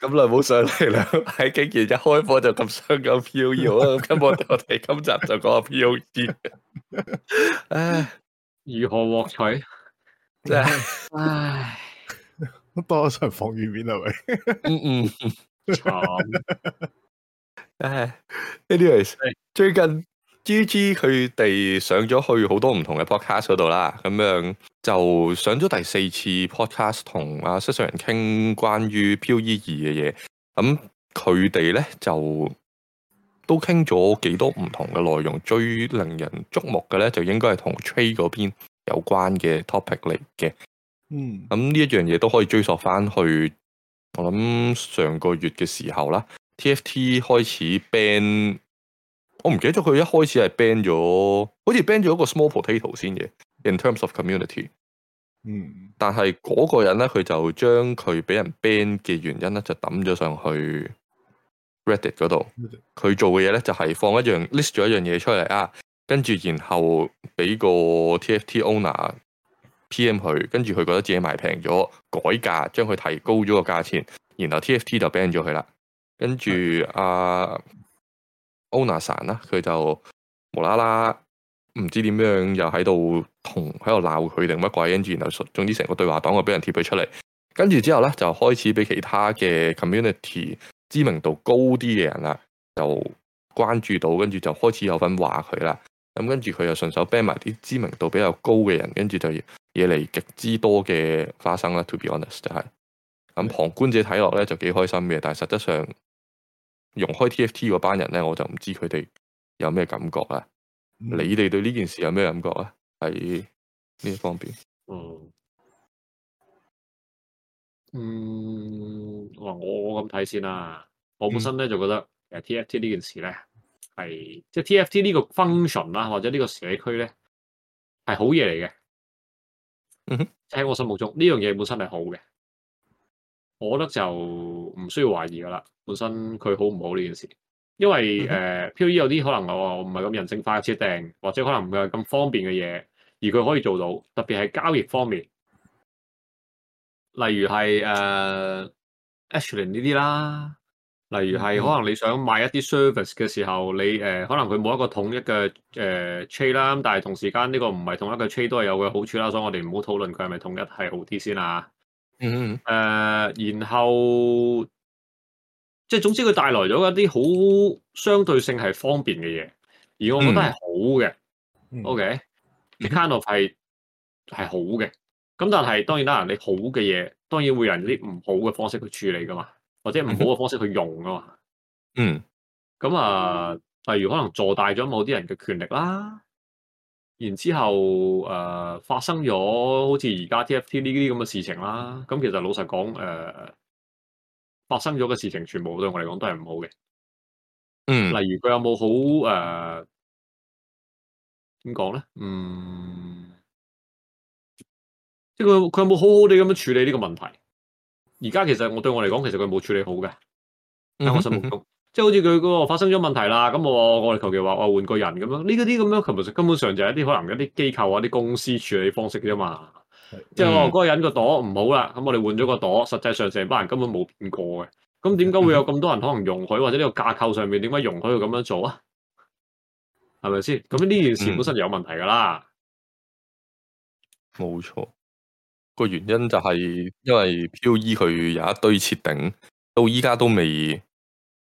咁耐冇上嚟啦，喺竟然一開播就咁上咁飄搖啊！咁我哋今集就講下 PoE，、e, 唉，如何獲取？即係唉，多層防禦面係咪、嗯？嗯嗯，慘。唉，呢啲 s, Anyways, 最近 GGG 佢哋上咗去好多唔同嘅 podcast 嗰度啦，係咪就上咗第四次 podcast 同阿識水人傾關於 POE 二嘅嘢，咁佢哋咧，就都傾咗幾多唔同嘅內容，最令人矚目嘅咧，就應該係同 trade 嗰邊有關嘅 topic 嚟嘅。嗯，咁呢一樣嘢都可以追溯翻去，我諗上個月嘅時候啦，TFT 開始 ban，我唔記得咗佢一開始係 ban 咗，好似 ban 咗一個 small potato 先嘅。In terms of community，嗯，但係嗰個人咧，佢就將佢俾人 ban 嘅原因咧，就抌咗上去 Reddit 嗰度。佢做嘅嘢咧，就係放一樣 list 咗一樣嘢出嚟啊，跟住然後俾個 TFT owner PM 佢，跟住佢覺得自己賣平咗，改價將佢提高咗個價錢，然後 TFT 就 ban 咗佢啦。跟住啊 owner 散啦，佢就無啦啦。唔知點樣又喺度同喺度鬧佢定乜鬼，跟住然後，總之成個對話檔就俾人貼佢出嚟。跟住之後咧，就開始俾其他嘅 community 知名度高啲嘅人啦，就關注到，跟住就開始有份話佢啦。咁跟住佢又順手 ban 埋啲知名度比較高嘅人，跟住就惹嚟極之多嘅花生啦。To be honest 就係咁，旁觀者睇落咧就幾開心嘅，但係實質上用開 TFT 嗰班人咧，我就唔知佢哋有咩感覺啦。你哋對呢件事有咩感覺咧？喺呢方面，嗯，嗯，我我我咁睇先啦，啊。我本身咧就，嗯、覺得，誒，TFT 呢件事咧係即係 TFT 呢、就是，TFT 這個 function 啦，啊，或者呢個社區咧係好嘢嚟嘅。嗯哼，喺我心目中呢樣嘢本身係好嘅，我覺得就唔需要懷疑噶啦。本身佢好唔好呢件事？因為誒 PoE、呃 mm hmm. 有啲可能我唔係咁人性化設定，或者可能唔係咁方便嘅嘢，而佢可以做到。特別係交易方面，例如係誒 auction 呢啲啦，mm hmm. 例如係可能你想買一啲 service 嘅時候，你誒、呃、可能佢冇一個統一嘅誒 trade 啦，但係同時間呢個唔係統一嘅 trade 都係有嘅好處啦，所以我哋唔好討論佢係咪統一係好啲先啦。嗯嗯、mm hmm. 呃。然後。即係總之，佢帶來咗一啲好相對性係方便嘅嘢，而我覺得係好嘅。O.K.，account 費係好嘅。咁但係當然啦，你好嘅嘢當然會有人啲唔好嘅方式去處理噶嘛，或者唔好嘅方式去用噶嘛。嗯。咁啊、呃，例如可能做大咗某啲人嘅權力啦，然之後誒、呃、發生咗好似而家 TFT 呢啲咁嘅事情啦。咁其實老實講誒。呃發生咗嘅事情，全部對我嚟講都係唔好嘅。嗯，例如佢有冇好誒，點講咧？呢，嗯，即係佢佢有冇好好地咁樣處理呢個問題？而家其實我對我嚟講，其實佢冇處理好嘅。喺、嗯、我心目中，嗯嗯、即係好似佢嗰個發生咗問題啦，咁我我哋求其話我換個人咁樣呢啲咁樣，其實根本上就係一啲可能一啲機構啊、啲公司處理方式啫嘛。即係我嗰個人個朵唔好啦，咁我哋換咗個朵，實際上成班人根本冇變過嘅，咁點解會有咁多人可能容許，或者呢個架構上面點解容許佢咁樣做啊？係咪先？咁呢件事本身就有問題噶啦、嗯，冇錯。個原因就係因為 POE 佢有一堆設定，到依家都未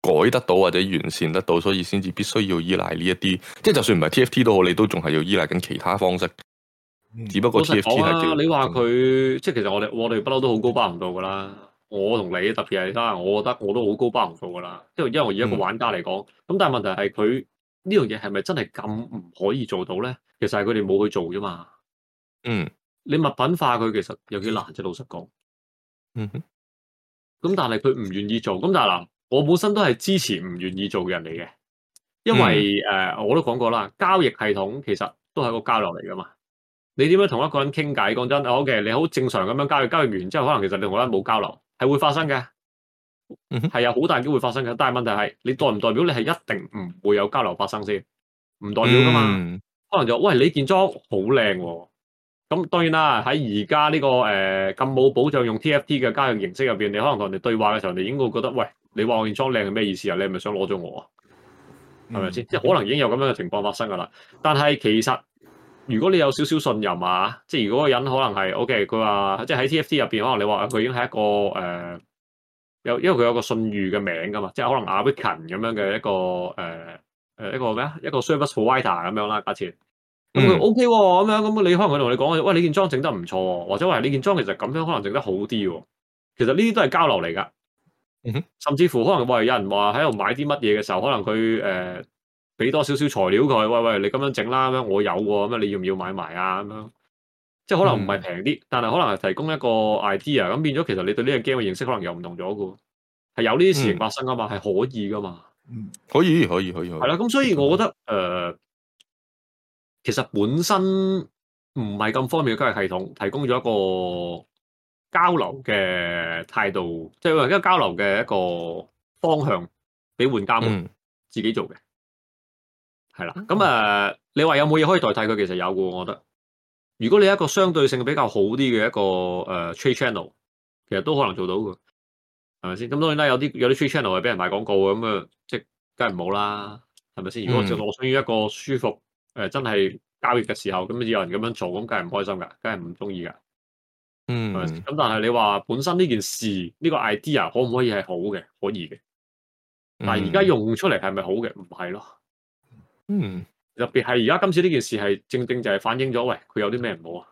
改得到或者完善得到，所以先至必須要依賴呢一啲，即係就算唔係 TFT 都好，你都仲係要依賴緊其他方式。只不過說、啊、你話佢、嗯、即係其實我哋我哋不嬲都好高包唔到噶啦。我同你特別係，得我覺得我都好高包唔到噶啦。即係因為我以一個玩家嚟講，咁、嗯、但係問題係佢呢樣嘢係咪真係咁唔可以做到咧？其實係佢哋冇去做咋嘛。嗯，你物品化佢其實有幾難啫、啊，老實講。咁、嗯、哼但係佢唔願意做，咁但係嗱，我本身都係支持唔願意做嘅人嚟嘅，因為誒、嗯呃、我都講過啦，交易系統其實都係個交流嚟噶嘛。你點樣同一個人傾偈？講真，OK，你好正常咁樣交易，交易完之後，可能其實你同佢冇交流，係會發生嘅，係有好大機會發生嘅。但係問題係，你代唔代表你係一定唔會有交流發生先？唔代表噶嘛，嗯、可能就喂，你件裝好靚喎。咁當然啦，喺而家呢個誒咁冇保障用 TFT 嘅交易形式入邊，你可能同人哋對話嘅時候，人哋已經會覺得，喂，你話我件裝靚係咩意思啊？你係咪想攞咗我啊？係咪先？即可能已經有咁樣嘅情況發生噶啦。但係其實。如果你有少少信任啊，即係如果個人可能係 O K，佢話即係喺 TFT 入邊，可能你話佢已經係一個誒、呃，有因為佢有個信譽嘅名㗎嘛，即係可能 American 咁樣嘅一個誒誒、呃、一個咩啊，一個 service provider 咁樣啦，假設咁佢 O K 喎，咁、嗯 OK 哦、樣咁你可能佢同你講，喂，你件裝整得唔錯喎，或者喂，你件裝其實咁樣可能整得好啲喎，其實呢啲都係交流嚟㗎，嗯哼，甚至乎可能喂有人話喺度買啲乜嘢嘅時候，可能佢誒。呃俾多少少材料佢，喂喂，你咁樣整啦咁樣，我有喎、啊，咁樣你要唔要買埋啊？咁樣，即係可能唔係平啲，嗯、但係可能係提供一個 idea，咁變咗其實你對呢個 game 嘅認識可能又唔同咗嘅。係有呢啲事情發生啊、嗯、嘛，係可以噶嘛。可以，可以，可以，係啦。咁所以我覺得誒、呃，其實本身唔係咁方便嘅交易系統，提供咗一個交流嘅態度，即係一個交流嘅一個方向俾玩家自己做嘅。嗯係啦，咁誒、呃，你話有冇嘢可以代替佢？其實有嘅，我覺得。如果你有一個相對性比較好啲嘅一個誒、呃、trade channel，其實都可能做到嘅，係咪先？咁當然啦，有啲有啲 trade channel 係俾人賣廣告咁啊，即梗係唔好啦，係咪先？如果我就我想要一個舒服誒、呃，真係交易嘅時候，咁有人咁樣做，咁梗係唔開心嘅，梗係唔中意嘅。嗯。咁但係你話本身呢件事呢個 idea 可唔可以係好嘅？可以嘅。但係而家用出嚟係咪好嘅？唔係咯。嗯，特別係而家今次呢件事係正正就係反映咗，喂，佢有啲咩唔好啊？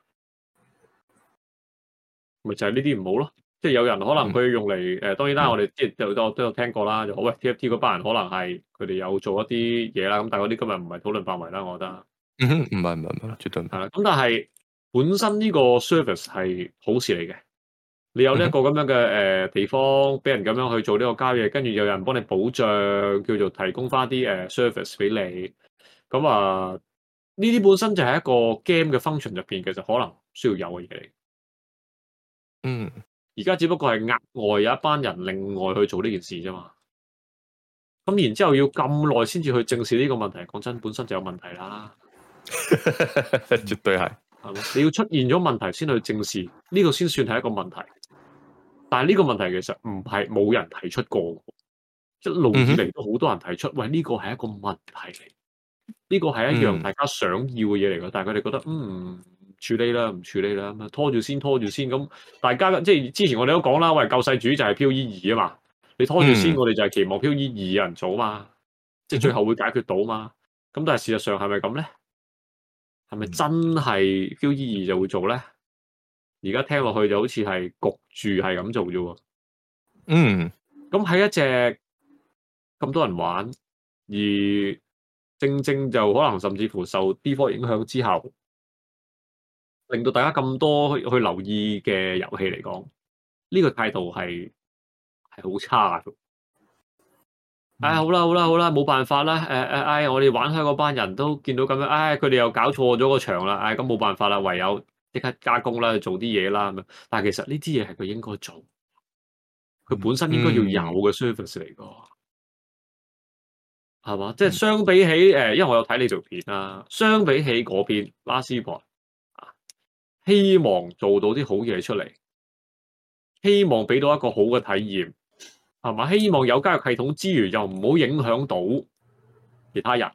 咪、嗯、就係呢啲唔好咯、啊，即係有人可能佢用嚟誒、呃，當然啦，我哋即係有都有聽過啦，就好喂 TFT 嗰班人可能係佢哋有做一啲嘢啦，咁但係嗰啲今日唔係討論範圍啦，我覺得，唔係唔係唔係，絕對唔係。咁、嗯、但係本身呢個 service 係好事嚟嘅，你有呢一個咁樣嘅誒、嗯呃、地方，俾人咁樣去做呢個交易，跟住有人幫你保障，叫做提供翻啲誒 service 俾你。咁啊，呢啲本身就係一個 game 嘅 function 入邊，其實可能需要有嘅嘢嚟。嗯，而家只不過係額外有一班人另外去做呢件事啫嘛。咁然之後要咁耐先至去正視呢個問題，講真，本身就有問題啦。 絕對係是，係你要出現咗問題先去正視呢個，先算係一個問題。但係呢個問題其實唔係冇人提出過，嗯、一路以嚟都好多人提出，喂，呢個係一個問題嚟。呢個係一樣大家想要嘅嘢嚟㗎，嗯、但係佢哋覺得嗯，處理啦，唔處理啦，拖住先，拖住先。咁大家即係之前我哋都講啦，喂,救世主就係 POE 二啊嘛，你拖住先，嗯、我哋就係期望 POE 二有人做啊嘛，即係最後會解決到啊嘛。咁、嗯、但係事實上係咪咁咧？係咪真係 POE 二就會做咧？而家聽落去就好似係焗住係咁做啫。嗯，咁喺一隻咁多人玩而。正正就可能甚至乎受 D4 影響之後，令到大家咁多去去留意嘅遊戲嚟講，呢個態度係係好差嘅。哎，好啦好啦好啦，冇辦法啦。誒、哎、誒、哎，我哋玩開嗰班人都見到咁樣，哎，佢哋又搞錯咗個場啦。哎，咁冇辦法啦，唯有即刻加工啦，做啲嘢啦咁。但係其實呢啲嘢係佢應該做，佢本身應該要有嘅 service 嚟個。嗯係嘛？即係相比起誒，因為我有睇你條片啦。相比起嗰邊 Last Epoch 啊，希望做到啲好嘢出嚟，希望俾到一個好嘅體驗，係嘛？希望有加入系統之餘，又唔好影響到其他人。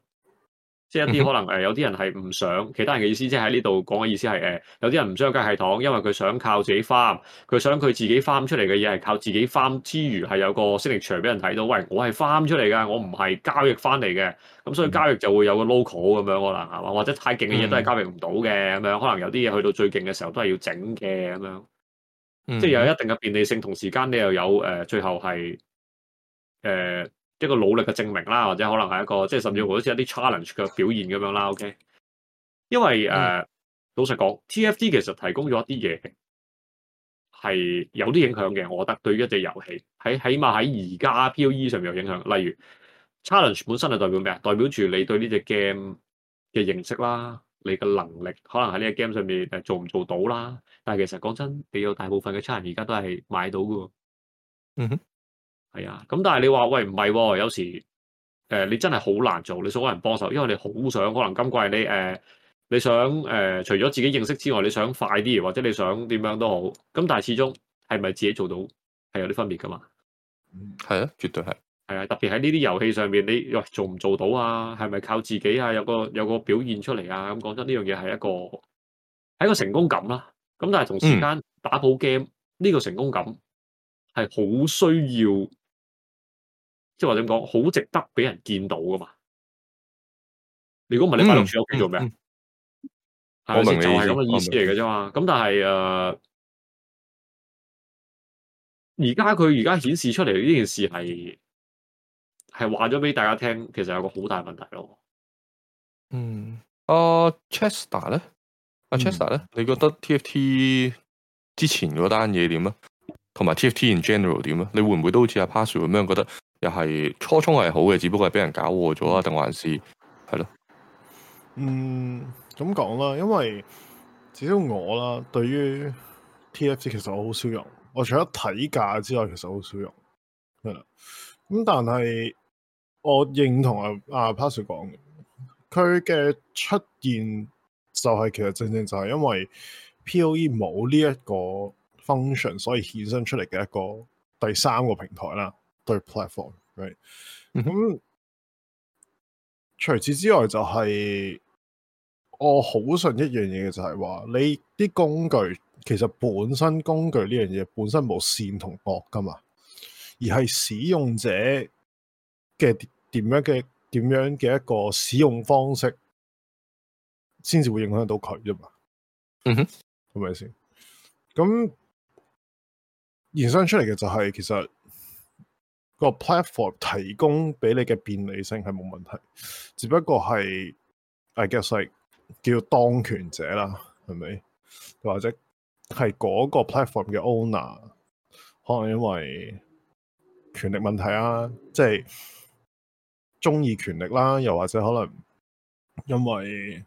即係一啲可能誒，有啲人係唔想，其他人嘅意思即係喺呢度講嘅意思係誒，有啲人唔想介系統，因為佢想靠自己翻，佢想佢自己翻出嚟嘅嘢係靠自己翻之餘，係有個 signature 俾人睇到，喂，我係翻出嚟㗎，我唔係交易翻嚟嘅，咁所以交易就會有個 local 咁樣可能係嘛？或者太勁嘅嘢都係交易唔到嘅。咁樣可能有啲嘢去到最勁嘅時候都係要整嘅咁樣， 即係有一定嘅便利性，同時間你又有誒、呃，最後係誒。呃一個努力嘅證明啦，或者可能係一個即係甚至乎好似一啲 challenge 嘅表現咁樣啦。OK，因為誒，嗯、老實講，TFT 其實提供咗一啲嘢係有啲影響嘅。我覺得對於一隻遊戲，喺起碼喺而家 PoE 上面有影響。例如 challenge 本身係代表咩啊？代表住你對呢隻 game 嘅認識啦，你嘅能力可能喺呢隻 game 上面誒做唔做到啦。但係其實講真的，比較大部分嘅 challenge 而家都係買到嘅。嗯哼。係啊，咁但係你話喂唔係、哦，有時誒、呃、你真係好難做，你想人幫手，因為你好想可能今季你誒、呃、你想誒、呃、除咗自己認識之外，你想快啲，或者你想點樣都好，咁但係始終係咪自己做到係有啲分別噶嘛？係啊，絕對係，係啊，特別喺呢啲遊戲上面，你喂、呃、做唔做到啊？係咪靠自己啊？有個有個表現出嚟，啊？咁講真，呢樣嘢，係一個係一個成功感啦、啊。咁但係同時間、嗯、打補 game 呢個成功感係好需要。即係話點講，好值得俾人見到噶嘛？如果唔係你放喺屋企，我做咩啊？嗯嗯、的我明你就係咁嘅意思嚟嘅啫嘛。咁但係誒，而家佢而家顯示出嚟呢件事係係話咗俾大家聽，其實有個好大問題咯。嗯。阿 Chester 咧？阿 Chester 咧？啊 Ch 呢嗯、你覺得 TFT 之前嗰單嘢點啊？同埋 TFT in general 點啊？你會唔會都好似阿 Pazu 咁樣覺得？又係初衷係好嘅，只不過係俾人搞禍咗啊！定還是係咯？嗯，咁講啦，因為至少我啦，對於 TFT 其實我好少用，我除咗睇價之外，其實好少用係啦。咁、嗯、但係我認同阿阿 Pazu 講佢嘅出現就係、是、其實正正就係因為 P O E 冇呢一個 function，所以衍生出嚟嘅一個第三個平台啦。對 platform，咁、right? mm hmm. 除此之外就係、是、我好信一樣嘢嘅就係話你啲工具其實本身工具呢樣嘢本身冇善同惡噶嘛，而係使用者嘅點樣嘅點樣嘅一個使用方式，先至會影響到佢啫嘛。嗯哼、mm，係咪先？咁衍生出嚟嘅就係、是、其實。個 platform 提供俾你嘅便利性係冇問題，只不過係，I guess 係、like, 叫當權者啦，係咪？又或者係嗰個 platform 嘅 owner，可能因為權力問題啊，即係中意權力啦，又或者可能因為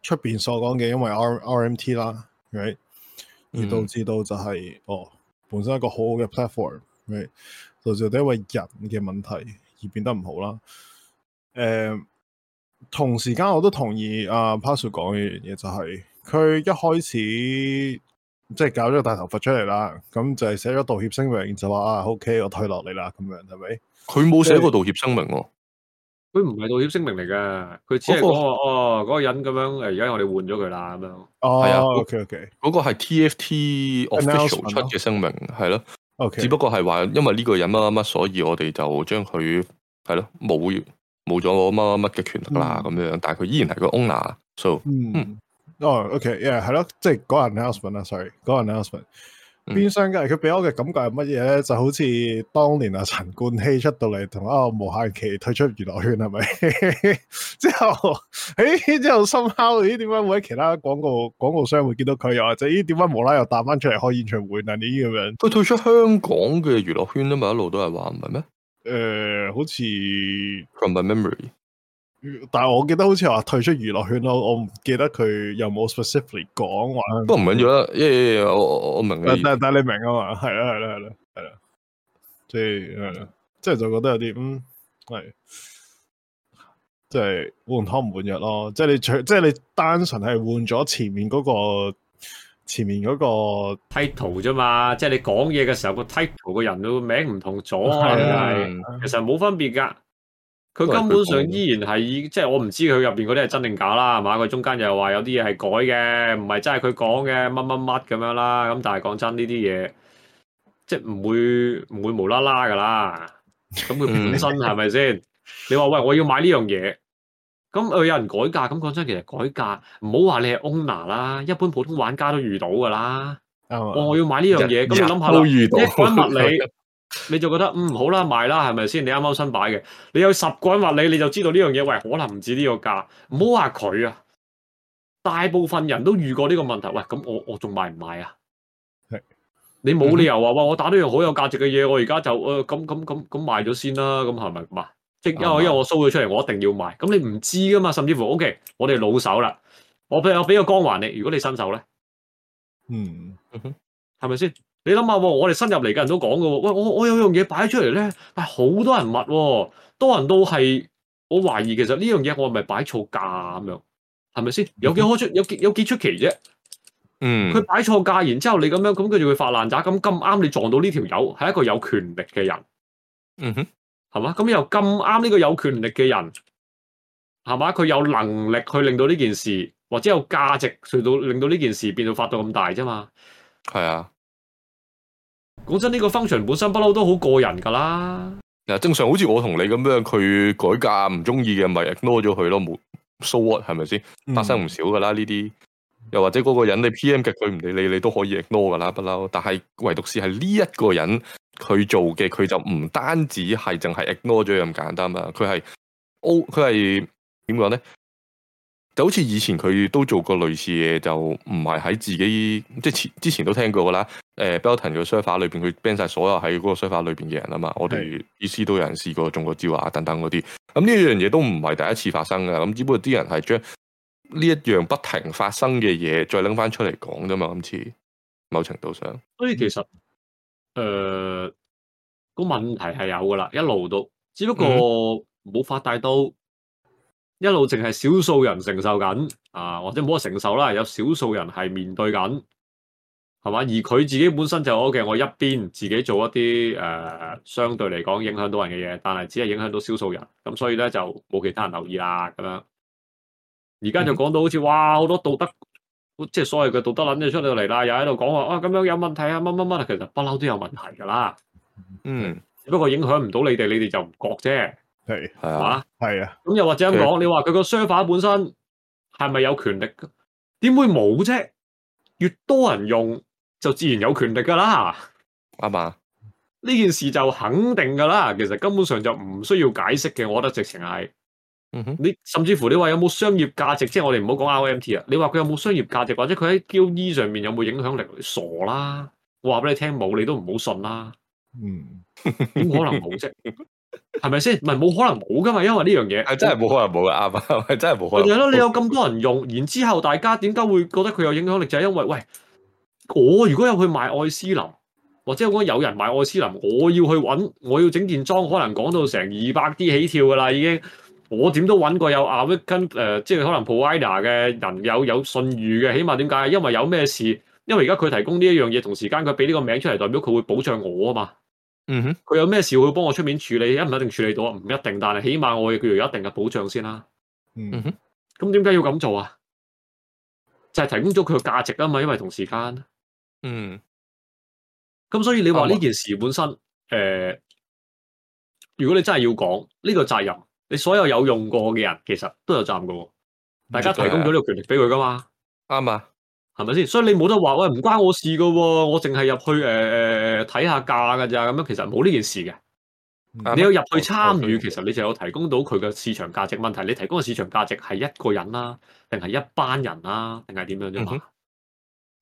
出面所講嘅，因為 R RMT 啦，right? 而導致到就係、是嗯、哦，本身是一個好好嘅 platform。係，right. 就就因為人嘅問題而變得唔好啦。誒、嗯，同時間我都同意阿 Pazu、啊、說講嘅嘢，就係佢一開始即係、就是、搞咗個大頭佛出嚟啦，咁就係寫咗道歉聲明，就話啊，OK，我退落嚟啦，咁樣係咪？佢冇寫過道歉聲明喎、啊，佢唔係道歉聲明嚟嘅，佢只係講、那個那個、哦，嗰、那個人咁樣，而家我哋換咗佢啦，咁樣。哦，OK，OK，嗰個係 TFT official 出嘅聲明，係咯。只不過係話，因為呢個人乜乜乜，所以我哋就將佢係咯冇冇咗乜乜乜嘅權力啦，咁樣。但係佢依然係個 owner so。嗯。哦，OK，yeah，係囉，即係嗰個 announcement 啊，sorry，嗰個 announcement。變相嘅，佢俾、嗯、我嘅感覺係乜嘢咧？就好似當年啊，陳冠希出到嚟同，啊無限期退出娛樂圈係咪、 哎？之後，誒，之後深究咦，點解會喺其他廣告廣告商會見到佢？又或者咦，點解無啦又搭翻出嚟開演唱會嗱呢啲咁樣？佢退出香港嘅娛樂圈啊嘛，一路都係話唔係咩？誒、呃，好似 from my memory。但係我記得好似話退出娛樂圈咯，我唔記得佢有冇 specifically 講話。不過唔緊要啦，因為我我明嘅。但但你明啊嘛？係啦係啦係啦係啦，即係即係就覺得有啲嗯，喂，即係、即係、換湯唔換藥咯。即係你除即係你單純係換咗前面嗰個前面嗰個 title 啫嘛。即係你講嘢嘅時候個 title 個人嘅名唔同咗嘛？係啊、係啊、其實冇分別噶。佢根本上依然係，即係我唔知佢入邊嗰啲係真定假啦，係嘛？佢中間又話有啲嘢係改嘅，唔係真係佢講嘅乜乜乜咁樣啦。咁但係講真呢啲嘢，即係唔會唔會無啦啦噶啦。咁佢本身係咪先？你話喂，我要買呢樣嘢，咁誒有人改價，咁講真，其實改價唔好話你係 owner 啦，一般普通玩家都遇到噶啦，嗯哦。我要買呢樣嘢，咁你諗下，都遇到物理。 你就覺得，嗯，好啦，賣啦，係咪先？你啱啱新擺嘅，你有十個人話你，你就知道呢樣嘢。喂，可能唔止呢個價。唔好話佢啊，大部分人都遇過呢個問題。喂，咁我我仲賣唔賣啊？係是你冇理由話，哇！我打呢樣好有價值嘅嘢，我而家就誒咁咁咁咁賣咗先啦。咁係咪？嘛，即係因因為我 show 咗，嗯、出嚟，我一定要賣。咁你唔知噶嘛？甚至乎，OK，我哋老手啦，我俾我俾個光環你。如果你新手咧，嗯，係咪先？你諗下喎，我哋新入嚟嘅人都講噶喎，喂我我，我有樣嘢擺出嚟咧，係好多人物，多人都係我懷疑，其實呢樣嘢我係咪擺錯價咁樣，係咪先？有幾何出，有有幾出奇啫？嗯，佢擺錯價，然之後你咁樣，咁佢就會發爛渣。咁咁啱，你撞到呢條友，係一個有權力嘅人。嗯哼，係嘛？咁又咁啱呢個有權力嘅人，係嘛？佢有能力去令到呢件事，或者有價值，去到令到呢件事變到發到咁大啫嘛？係啊。講真，呢個 function 本身不嬲都好過人噶啦。嗱，正常好似我同你咁樣，佢改革唔中意嘅，咪 ignore 咗佢咯，冇 so what 係咪先？發生唔少噶啦呢啲，又或者嗰個人你 PM 極佢唔理你，你都可以 ignore 噶啦，不嬲。但係唯獨是係呢一個人佢做嘅，佢就唔單止係淨係 ignore 咗咁簡單啊，佢係 O，佢係點講咧？就好似以前佢都做過類似嘢，就唔係喺自己即之前都聽過噶啦。Belton 嘅沙發裏面，佢 ban 晒所有喺嗰個沙發裏邊嘅人啊嘛。是我哋意思都有人試過中過招啊，等等嗰啲。咁、嗯、呢樣嘢都唔係第一次發生噶。咁只不過啲人係將呢一樣不停發生嘅嘢再拎翻出嚟講啫嘛。今次某程度上，所以其實誒、呃那個問題係有噶啦，一路都只不過冇發大到。嗯一路淨係少數人承受緊，啊或者冇得承受啦，有少數人係面對緊，係嘛？而佢自己本身就 OK。我一邊自己做一啲誒、呃，相對嚟講影響到人嘅嘢，但係只係影響到少數人，咁所以咧就冇其他人留意啦，咁樣。而家就講到好似哇，好多道德，即係所謂嘅道德撚嘢出到嚟啦，又喺度講話啊，咁樣有問題啊，乜乜乜啊，其實不嬲都有問題㗎啦，嗯，只不過影響唔到你哋，你哋就唔覺啫。係係啊，係啊，咁、啊、又或者咁講，啊、你話佢個商法本身係咪有權力？點會冇啫？越多人用就自然有權力噶啦，啱嘛吧？呢件事就肯定噶啦，其實根本上就唔需要解釋嘅，我覺得直情係。嗯、哼你甚至乎你話有冇商業價值，即、就、係、是、我哋唔好講 RMT 啊，你話佢有冇商業價值，或者佢喺交易上面有冇影響力？你傻啦，我話俾你聽冇，你都唔好信啦。嗯，點可能冇啫？ 係咪先？唔係冇可能冇噶嘛，因為呢樣嘢係真係冇可能冇噶，啱 真係冇可能的。係咯，你有咁多人用，然之後大家點解會覺得佢有影響力，就係因為喂，我如果有去賣愛斯林，或者我有人賣愛斯林，我要去揾，我要整件裝，可能講到成二百啲起跳噶啦，已經。我點都揾過有阿威根誒，即係可能普威納嘅人有有信譽嘅，起碼點解？因為有咩事？因為而家佢提供呢一樣嘢，同時間佢俾呢個名出嚟，代表佢會保障我啊嘛。嗯哼，佢有咩事會幫我出面處理，一唔一定處理到啊？唔一定，但係起碼我亦叫做有一定嘅保障先啦、啊。嗯哼，咁點解要咁做啊？就係、是、提供咗佢嘅價值啊嘛，因為同時間，嗯，咁所以你話呢件事本身，誒、嗯呃，如果你真係要講呢、這個責任，你所有有用過嘅人其實都有責任噶，大家提供咗呢個權力俾佢噶嘛，啱啊、嗯。嗯係咪先？所以你冇得話，喂，唔關我事噶，我淨係入去誒誒睇下價噶咋咁樣。其實冇呢件事嘅，嗯、你要入去參與，嗯、其實你就有提供到佢嘅市場價值問題。你提供嘅市場價值係一個人啦、啊，定係一班人啦、啊，定係點樣啫嘛？嗯、哼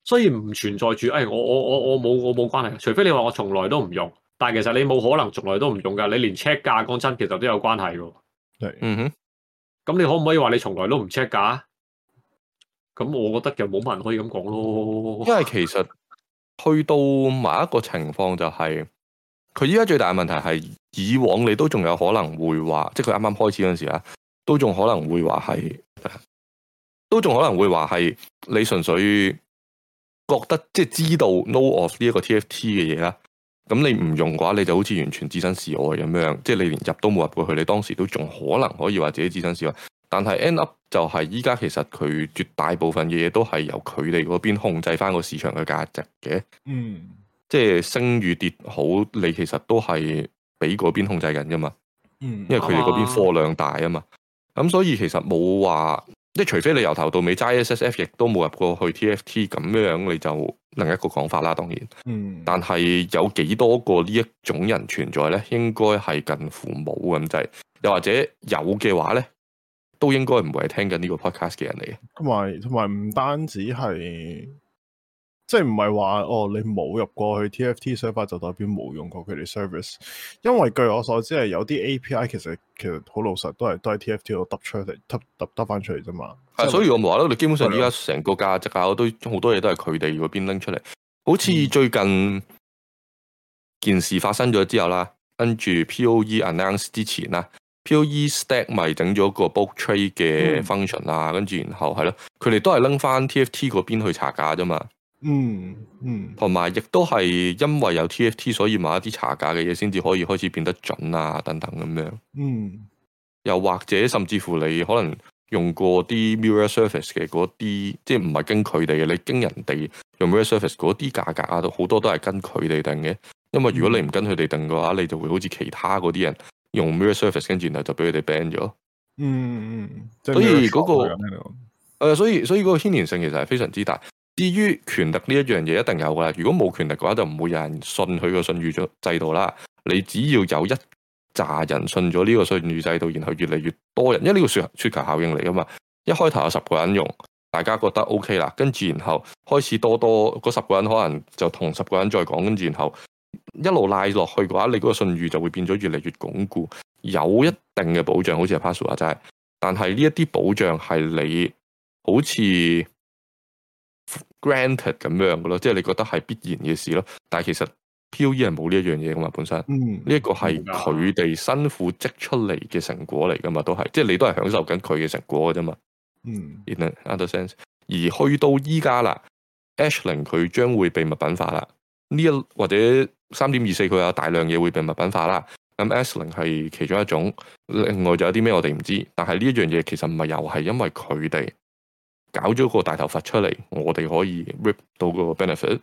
所以唔存在住誒、哎，我我我我冇我冇關係。除非你話我從來都唔用，但係其實你冇可能從來都唔用噶。你連 check 價，講真，其實都有關係噶。嗯哼，咁你可唔可以話你從來都唔 check 價？咁我覺得就冇乜人可以咁講咯。因為其實去到某一個情況、就是，就係佢依家最大嘅問題係以往你都仲有可能會話，即係佢啱啱開始嗰陣時啊，都仲可能會話係，都仲可能會話係你純粹覺得即係知道 know of 呢一個 TFT 嘅嘢啦。咁你唔用嘅話，你就好似完全置身事外咁樣，即係你連入都冇入過去，你當時都仲可能可以話自己置身事外。但係，end up 就係依家，其實佢絕大部分嘅嘢都係由佢哋嗰邊控制翻個市場嘅價值嘅。嗯，即係升與跌好，好你其實都係俾嗰邊控制緊㗎嘛。嗯，因為佢哋嗰邊貨量大啊嘛。咁、嗯、所以其實冇話，即係是除非你由頭到尾揸 S S F，亦都冇入過去、TF、T F T 咁樣，你就另一個講法啦。當然，嗯，但係有幾多個呢一種人存在呢，應該係近乎冇咁滯，又或者有嘅話呢。都應該唔會係聽緊呢個 podcast 嘅人嚟，同埋同埋唔單止係，即係唔係話哦，你冇入過去 TFT server 就代表冇用過佢哋 service，因為據我所知係有啲 API 其實其實好老實都係都係 TFT 度揼出嚟揼揼揼翻出嚟啫嘛，所以我唔話咯，你基本上依家成個價值啊，是的 都好多嘢都係佢哋嗰邊拎出嚟，好似最近件事發生咗之後啦，嗯、跟住 POE announce 之前啦。QE stack 咪整咗個 book trade 嘅 function 啦，跟住、嗯、然後係咯，佢哋都係拎翻 TFT 嗰邊去查價啫嘛。嗯嗯，同埋亦都係因為有 TFT，所以買一啲查價嘅嘢先至可以開始變得準啊等等咁樣。嗯，又或者甚至乎你可能用過啲 mirror service 嘅嗰啲，即係唔係經佢哋嘅，你經人哋用 mirror service 嗰啲價格啊，都好多都係跟佢哋定嘅。因為如果你唔跟佢哋定嘅話，你就會好似其他嗰啲人。用 mirror service 跟住然後就俾佢哋 ban 咗。嗯、那個、嗯，所以嗰個誒，所以所以個牽連性其實係非常之大。至於權力呢一樣嘢，一定有噶啦。如果冇權力嘅話，就唔會有人信佢個信譽咗制度啦。你只要有一紮人信咗呢個信譽制度，然後越嚟越多人，因為呢個說雪球效應嚟噶嘛。一開頭有十個人用，大家覺得 OK 啦，跟住然後開始多多嗰十個人可能就同十個人再講，跟住然後。一路賴落去嘅話，你嗰個信譽就會變咗越嚟越鞏固，有一定嘅保障，好似阿 Pazu 話齋。但係呢一啲保障係你好似 granted 咁樣嘅咯，即係你覺得係必然嘅事咯。但係其實 POE 係冇呢一樣嘢噶嘛，本身呢一個係佢哋辛苦積出嚟嘅成果嚟噶嘛，都係即係你都係享受緊佢嘅成果嘅啫嘛。嗯，in other sense，而去到依家啦，Ashling 佢將會被物品化啦，呢一或者。三點二四佢有大量嘢會被物品化啦，咁 S 零係其中一種，另外仲有啲咩我哋唔知，但係呢一樣嘢其實唔係又係因為佢哋搞咗個大頭佛出嚟，我哋可以 rip 到個 benefit，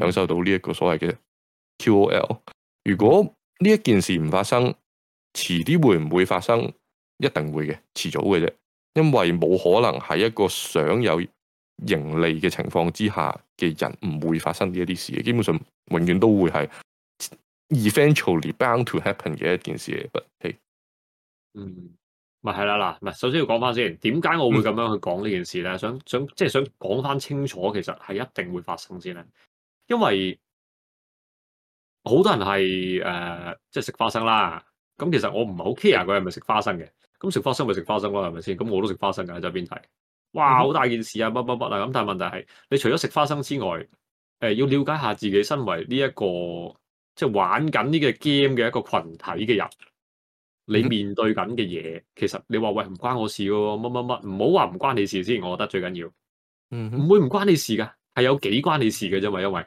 享受到呢一個所謂嘅 QOL。嗯、如果呢一件事唔發生，遲啲會唔會發生？一定會嘅，遲早嘅啫，因為冇可能係一個想有。盈利嘅情況之下嘅人唔會發生呢一啲事嘅，基本上永遠都會係 eventually bound to happen 嘅一件事嚟。嗯，咪係啦，嗱，咪首先要講翻先，點解我會咁樣去講呢件事咧？嗯，想想即係想講翻清楚，其實係一定會發生先咧，因為好多人係誒即係食花生啦。咁其實我唔係好 care 佢係咪食花生嘅，咁食花生咪食花生咯，係咪先？咁我都食花生噶，喺周邊睇。哇，好大件事啊！乜乜乜啊！咁但係問題係，你除咗食花生之外，誒、呃，要了解下自己身為呢、這、一個即係玩緊呢個 game 嘅一個群體嘅人，你面對緊嘅嘢，嗯、其實你話喂唔關我事噶，乜乜乜，唔好話唔關你事先，我覺得最緊要，嗯哼，唔會唔關你事噶，係有幾關你事嘅啫嘛，因為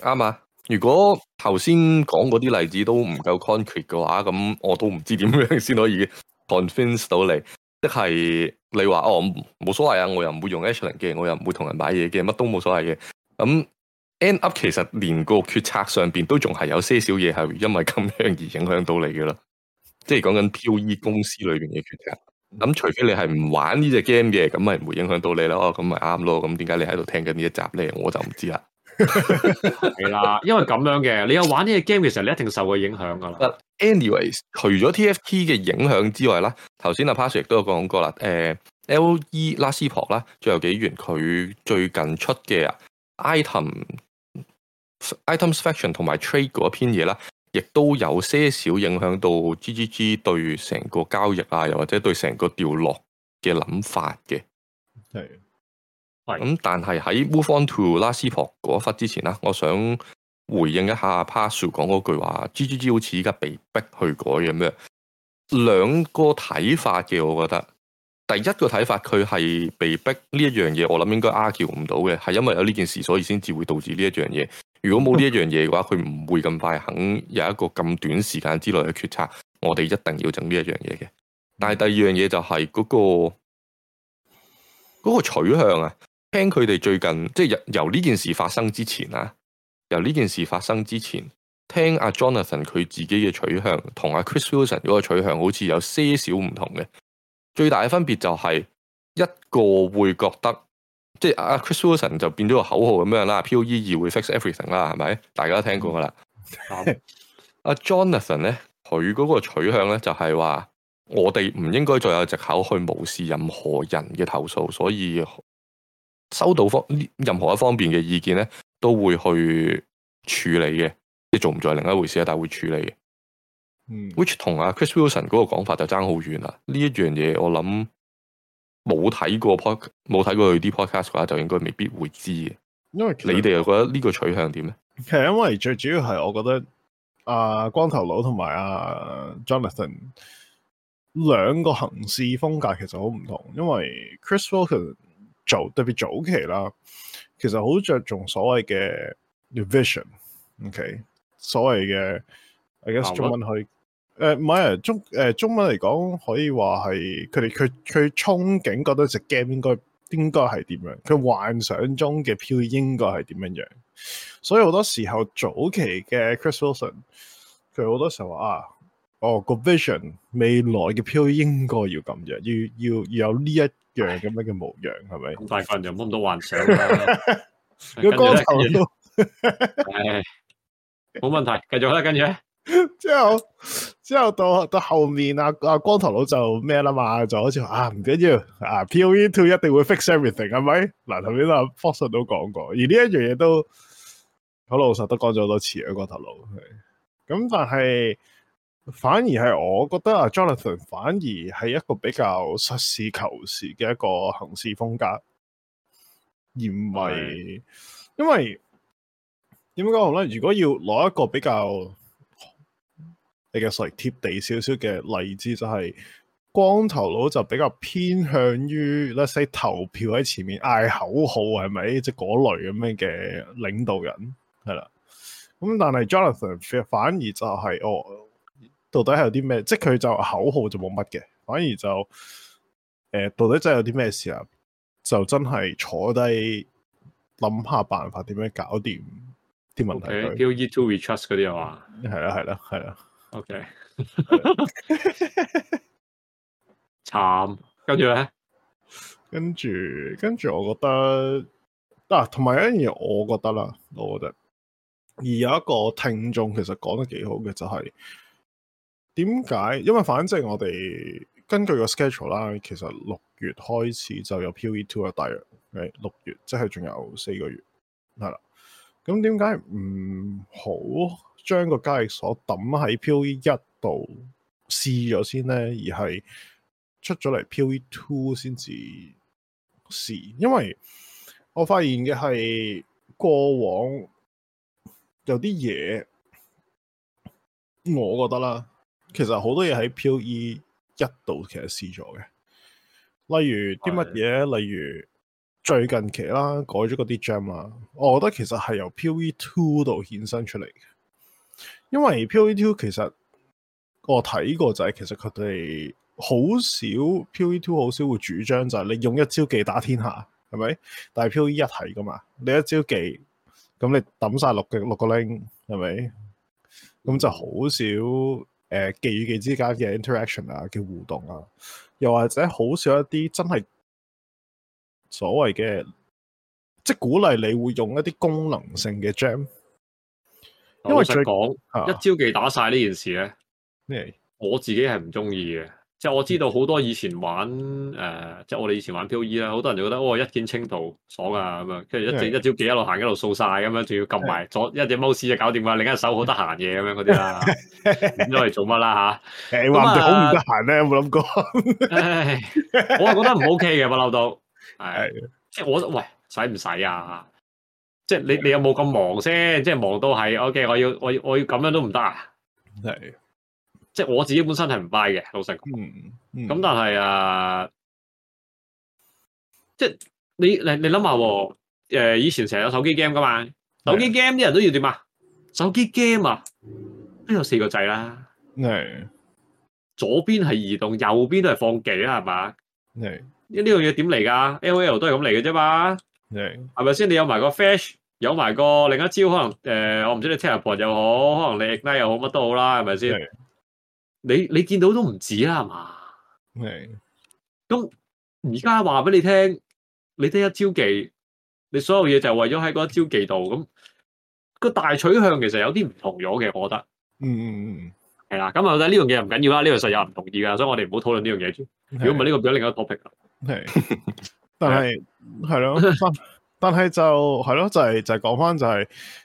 啱啊。如果頭先講嗰啲例子都唔夠 concrete 嘅話，咁我都唔知點樣先可以 convince 到你，即係。你話哦，冇所謂啊，我又唔會用 Airline 嘅，我又唔會同人買嘢嘅，乜都冇所謂嘅。咁、嗯、end up 其實連個決策上邊都仲係有些少嘢係因為咁樣而影響到你嘅咯。即係講緊 PoE 公司裏邊嘅決策。咁、嗯嗯、除非你係唔玩呢隻 game 嘅，咁咪唔會影響到你咯。哦，咁咪啱咯。咁點解你喺度聽緊呢一集咧？我就唔知啦。 係啦， 因為咁樣嘅，你有玩呢個 game 嘅時候，你一定受佢影響噶啦。anyways，除咗 TFT 嘅影響之外咧，頭先阿 Pazu 亦都有講過啦。誒、呃、Yeah.，LE 拉斯婆啦，最後紀元佢最近出嘅啊 item items faction 同埋 trade 嗰篇嘢啦，亦都有些少影響到 G G G 對成個交易啊，又或者對成個掉落嘅諗法嘅。係。Yeah. 咁是、嗯、但係喺 Move on to Laspo 嗰一忽之前啦，我想回應一下 Pazu、so、講嗰句話，G G G 好似依家被逼去改咁樣。兩個睇法嘅，我覺得第一個睇法佢係被逼呢一樣嘢，我諗應該 argue 唔到嘅，係因為有呢件事，所以先至會導致呢一樣嘢。如果冇呢一樣嘢嘅話，佢唔會咁快肯有一個咁短時間之內嘅決策。我哋一定要整呢一樣嘢嘅。但係第二樣嘢就係嗰、那個嗰、那個取向啊。聽佢哋最近，即係由由呢件事發生之前啊，由呢件事發生之前，聽阿 Jonathan 佢自己嘅取向，同阿 Chris Wilson 嗰個取向好似有些少唔同嘅。最大嘅分別就係、是、一個會覺得，即係阿 Chris Wilson 就變咗個口號咁樣啦，PoE 會 fix everything 啦，係咪？大家都聽過噶啦。嗯、 阿 Jonathan 咧，佢嗰個取向咧就係話，我哋唔應該再有藉口去無視任何人嘅投訴，所以。收到方任何一方面嘅意見咧，都會去處理嘅，即做唔做係另一回事啊，但係會處理嘅。嗯，which 同阿 Chris Wilson 嗰個講法就爭好遠啦。呢一樣嘢我諗冇睇過 pod 冇睇過佢啲 podcast 嘅話，就應該未必會知嘅。因為你哋又覺得呢個取向點咧？其實因為最主要係我覺得阿、呃、光頭佬同埋、啊、阿 Jonathan 兩個行事風格其實好唔同，因為 Chris Wilson。做特別早期啦，其實好着重所謂嘅 vision，OK，okay？所謂嘅，I guess 中文可以誒唔係中誒、呃、中文嚟講可以話係佢哋佢佢憧憬覺得隻 game 應該應該係點樣，佢幻想中嘅票應該係點樣樣。所以好多時候早期嘅 Chris Wilson，佢好多時候話啊。哦，個、oh, vision 未來嘅 PoE 應該要咁樣，要要要有呢一樣咁樣嘅模樣，係咪唉？吧大笨人摸唔到幻想，個光頭佬。冇問題，繼續啦，跟住。之後之後，後到到後面啊啊，光頭佬就咩啦嘛，就好似啊唔緊要啊，PoE Two 一定會 fix everything，係咪？嗱，頭先阿 Fox 都講過，而呢一樣嘢都好老實，都講咗好多次啊，光頭佬係。咁但係。反而係我覺得啊，Jonathan 反而係一個比較實事求是嘅一個行事風格，而唔係因為點講好咧？如果要攞一個比較，你嘅所謂貼地少少嘅例子，就係光頭佬就比較偏向於 let say 投票，喺前面嗌口號，係咪？即係嗰類咁樣嘅領導人係啦。咁但係 Jonathan 反而就係到底係有啲咩？即係佢就口號就冇乜嘅，反而就誒、呃，到底真係有啲咩事啊？就真係坐低諗下想想辦法，點樣搞掂啲問題 okay, 叫 Build you to retrace 嗰啲係嘛？係啦，係啦，係啦。OK，慘。跟住咧，跟住跟住，我覺得嗱，同埋有一樣嘢，我覺得啦，我覺得而有一個聽眾其實講得幾好嘅、就是，就係。點解？因為反正我哋根據個 schedule 啦，其實六月開始就有 PoE 2嘅大約，係六月，即係仲有四個月係啦。咁點解唔好將個交易所抌喺 PoE 一度試咗先咧？而係出咗嚟 PoE 2先至試，因為我發現嘅係過往有啲嘢，我覺得啦。其實好多嘢喺 PoE 一度其實試咗嘅，例如啲乜嘢，的例如最近期啦，改咗嗰啲 gem 啊，我覺得其實係由 PoE 2度衍生出嚟嘅，因為 PoE 2其實我睇過就係、是、其實佢哋好少 PoE 2好少會主張就係你用一招技打天下係咪？但係 PoE 一係噶嘛，你一招技咁你抌晒六六個 link 係咪？咁就好少。誒，技與技之間嘅 interaction 啊，嘅互動啊，又或者好少一啲真係所謂嘅，即係鼓勵你會用一啲功能性嘅 gem。因為講、啊、一招技打晒呢件事咧，咩我自己係唔中意嘅。即係我知道好多以前玩，誒、呃，即係我哋以前玩 POE 啦，好多人就覺得，哦，一鍵清道爽啊，咁樣，跟住一隻的一招幾一路行一路掃晒，咁樣，仲要撳埋的左一隻 mouse 就搞掂啦，另一手好得閒嘢，咁樣嗰啲啦，咁攞嚟做乜啦嚇？話唔好唔得閒咩？有冇諗過？我係覺得唔 OK 嘅，不嬲都，係的，即係我喂，使唔使啊？即係你你有冇咁忙先？即係忙到係 OK，我要我要我要咁樣都唔得啊？係。即係我自己本身係唔 buy 嘅，老實講。咁但係啊，即係你你你諗下喎，誒以前成日有手機 game 噶嘛，手機 game 啲人都要點啊？手機 game 啊，都有四個掣啦。係左邊係移動，右邊都係放技啦，係嘛？係呢樣嘢點嚟㗎？LOL 都係咁嚟嘅啫嘛。係係咪先？你有埋個 flash，有埋個另一招，可能誒我唔知你 Teleport 又好，可能你 ignite 又好，乜都好啦，係咪先？你你見到都唔止啦，係嘛？係。咁而家話俾你聽，你得一招技，你所有嘢就係為咗喺嗰一招技度。咁、個大取向其實有啲唔同咗嘅，我覺得。嗯,嗯,嗯。嗯，嗯，係啦，咁啊，呢樣嘢唔緊要啦。呢樣實有唔同意噶，所以我哋唔好討論呢樣嘢。如果唔係，呢個變咗另一個 topic。係。 但係係咯，但係就係咯，就係、是、就係講翻就係、是。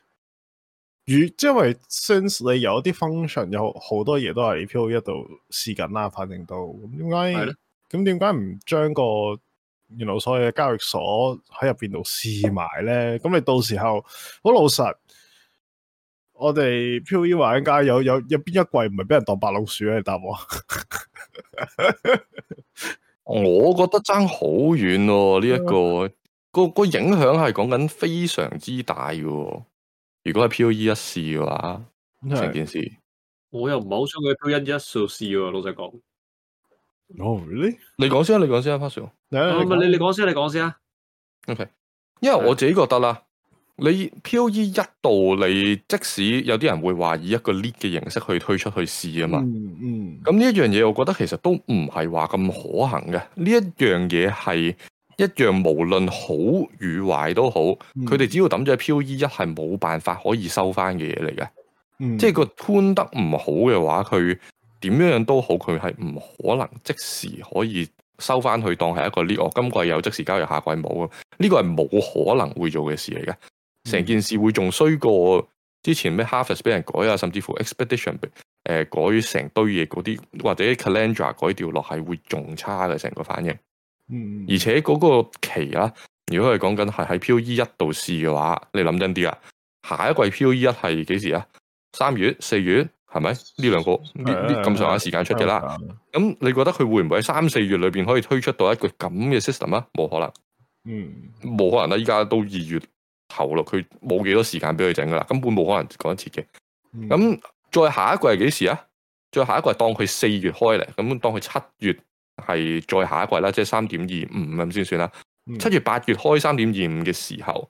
因為 since 你有啲 function 有好多嘢都係你 PoE 一度試緊啦，反正都咁點解？咁點解唔將個原來所謂嘅交易所喺入邊度試埋咧？咁你到時候好老實，我哋 PoE 玩家，有有有邊一季唔係俾人當白老鼠啊？你答我？ 我覺得爭好遠咯，呢、這、一個的個個影響係講緊非常之大嘅。如果係 P O E 一試嘅話，成是件事，我又唔係好想佢 P O E 一試試喎，老實講、oh, really?。你先 yeah,、uh, 你講先啊，你講先啊 Pazu 你你講先，你講先啊。O K，因為我自己覺得啦，是你 P O E 一度你即使有啲人會話以一個 lead 嘅形式去推出去試啊嘛、mm hmm. 嗯。嗯。咁呢一樣嘢，我覺得其實都唔係話咁可行嘅。呢一樣嘢係。一樣無論好與壞都好，佢哋、嗯、只要抌咗喺 PoE，一係冇辦法可以收翻嘅嘢嚟嘅。嗯、即係個判得唔好嘅話，佢點樣都好，佢係唔可能即時可以收翻去當係一個 l i、哦、今季有即時交易，下季冇嘅，呢、這個係冇可能會做嘅事嚟嘅。成、嗯、件事會仲衰過之前咩 Harvest 俾人改啊，甚至乎 Expedition 誒、呃、改成堆嘢嗰啲，或者 Kalandra 改掉落係會仲差嘅成個反應。而且嗰個期啊，如果係講緊係喺 POE 一度試嘅話，你諗真啲啊，下一季 POE 一係幾時啊？三月、四月，係咪呢兩個呢？咁上下時間出嘅啦。咁你覺得佢會唔會喺三四月裏邊可以推出到一個咁嘅 system 啊？冇可能，嗯，冇可能啦！依家都二月頭咯，佢冇幾多時間俾佢整噶啦，根本冇可能講一次嘅。咁、嗯、再下一季係幾時啊？再下一季係當佢四月開嚟，咁當佢七月。係再下一季啦，即係三點二五咁先算啦。七、嗯、月八月開三點二五嘅時候，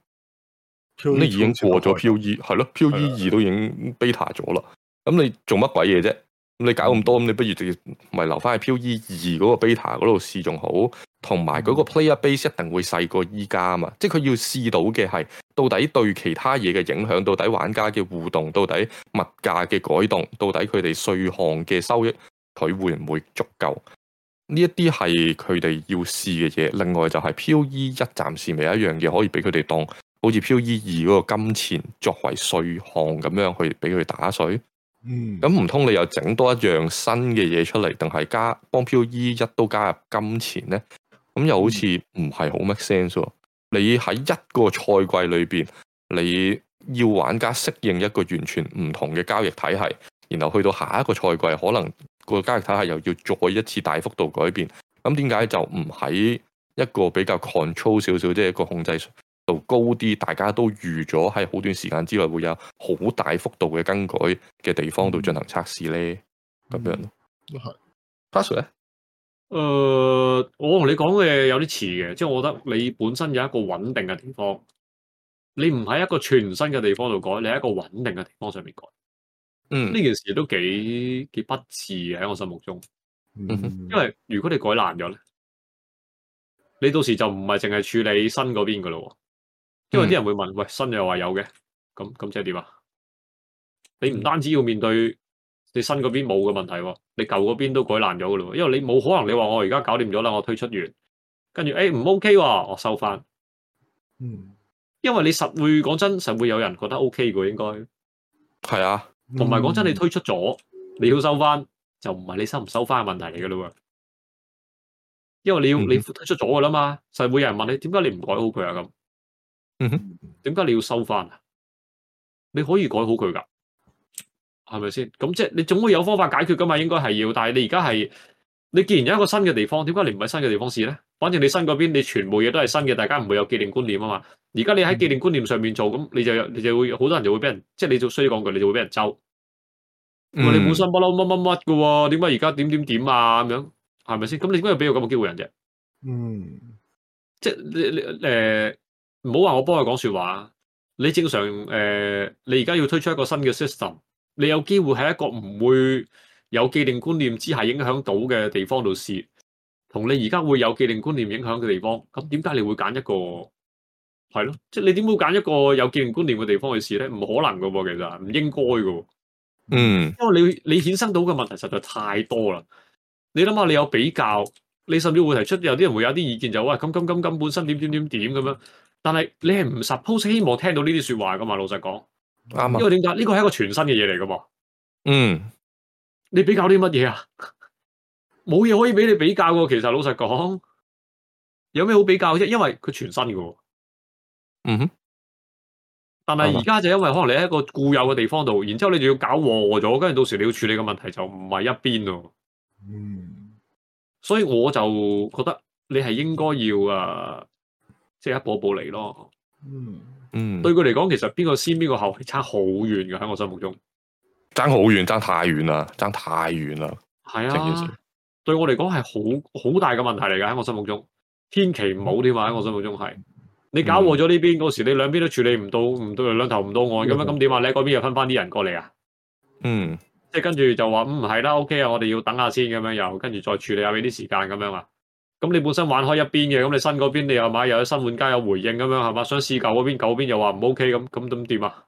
嗯、你已經過咗 PoE 係咯 PoE 二都已經 beta 咗啦。咁的了你做乜鬼嘢啫？咁你搞咁多，咁你不如直接咪留翻喺 PoE 二嗰個 beta 嗰度試仲好。同埋嗰個 player base 一定會細過依家啊嘛。即係佢要試到嘅係到底對其他嘢嘅影響，到底玩家嘅互動，到底物價嘅改動，到底佢哋稅項嘅收益，佢會唔會足夠？呢一啲係佢哋要試嘅嘢，另外就係 POE 一暫時未有一樣嘢可以俾佢哋當，好似 POE 二嗰個金錢作為稅項咁樣去俾佢打稅。咁唔通你又整多一樣新嘅嘢出嚟，定係加幫 POE 一都加入金錢呢？咁又好似唔係好 make sense 喎？嗯、你喺一個賽季裏面，你要玩家適應一個完全唔同嘅交易體系，然後去到下一個賽季可能。個交易體系又要再一次大幅度改變。咁點解就唔喺一個比較 control 少少，即係一個控制度高啲，大家都預咗喺好短時間之內會有好大幅度嘅更改嘅地方度進行測試咧。咁、嗯、樣咯，都係、嗯。Pazu 誒，我同你講嘅有啲似嘅，即係我覺得你本身有一個穩定嘅地方，你唔喺一個全新嘅地方度改，你喺一個穩定嘅地方上面改。嗯，呢件事都幾幾不智喺我心目中，嗯嗯嗯、因為如果你改爛咗咧，你到時就唔係淨係處理新嗰邊噶咯，因為啲人會問，嗯、喂，新又話有嘅，咁咁即係點啊？嗯、你唔單止要面對你新嗰邊冇嘅問題，你舊嗰邊都改爛咗噶咯，因為你冇可能你話我而家搞掂咗啦，我推出完，跟住誒唔 OK 喎，我收翻。嗯，因為你實會講真，實會有人覺得 OK 嘅應該，係啊。同埋講真，你推出咗你要收翻，就唔係你收唔收翻嘅問題嚟嘅咯喎，因為你要你推出咗嘅啦嘛，就會有人問你點解你唔改好佢啊？咁，點解你要收翻啊？你可以改好佢噶，係咪先？咁即係你總會有方法解決噶嘛，應該係要。但係你而家係你既然有一個新嘅地方，點解你唔喺新嘅地方試咧？反正你新嗰邊，你全部嘢都係新嘅，大家唔會有既定觀念啊嘛。而家你喺既定觀念上面做，咁、嗯、你就有，你就會好多人就會俾人，即係你做衰啲講句，你就會俾人揪。嗯、你本身不嬲乜乜乜嘅喎，點解而家點點點啊咁樣？係咪先？咁你應該又俾佢咁嘅機會人啫。嗯，即係你你誒，唔好話我幫佢講說話。你正常誒、呃，你而家要推出一個新嘅 system，你有機會喺一個唔會有既定觀念之下影響到嘅地方度試。同你而家會有既定觀念影響嘅地方，咁點解你會揀一個係咯？即係你點會揀一個有既定觀念嘅地方去試咧？唔可能嘅喎，其實唔應該嘅。嗯，因為你你衍生到嘅問題實在太多啦。你諗下，你有比較，你甚至會提出有啲人會有啲意見，就喂咁咁咁咁本身點點點點咁樣。但係你係唔 suppose 希望聽到呢啲説話嘅嘛？老實講，啱。因為，嗯，點解呢個係一個全新嘅嘢嚟嘅噃？嗯，你比較啲乜嘢啊？冇嘢可以俾你比較噶，其實老實講，有咩好比較啫？因為佢全新噶，嗯哼。但係而家就是因為可能你喺一個固有嘅地方度，然之後你就要搞和咗，跟住到時候你要處理嘅問題就唔係一邊咯。嗯，所以我就覺得你係應該要啊，即係一步步嚟咯。嗯嗯，對佢嚟講，其實邊個先邊個後，差好遠噶，喺我心目中，爭好遠，爭太遠啦，爭太遠啦。係啊。對我嚟講係好好大嘅問題嚟噶，喺我心目中天其唔好添啊！喺我心目中係你搞和咗呢邊嗰、嗯、時，你兩邊都處理唔到，唔到兩頭唔到岸咁、嗯、樣，咁點啊？你喺嗰邊又分翻啲人過嚟啊、嗯？嗯，即係跟住就話唔係啦，O K 啊，OK, 我哋要等下先咁樣，又跟住再處理下，俾啲時間咁樣啊。咁你本身玩開一邊嘅，咁你新嗰邊你又買，又有新玩家有回應咁樣係嘛？想試舊嗰邊，舊嗰邊又話唔 O K 咁，咁點點啊？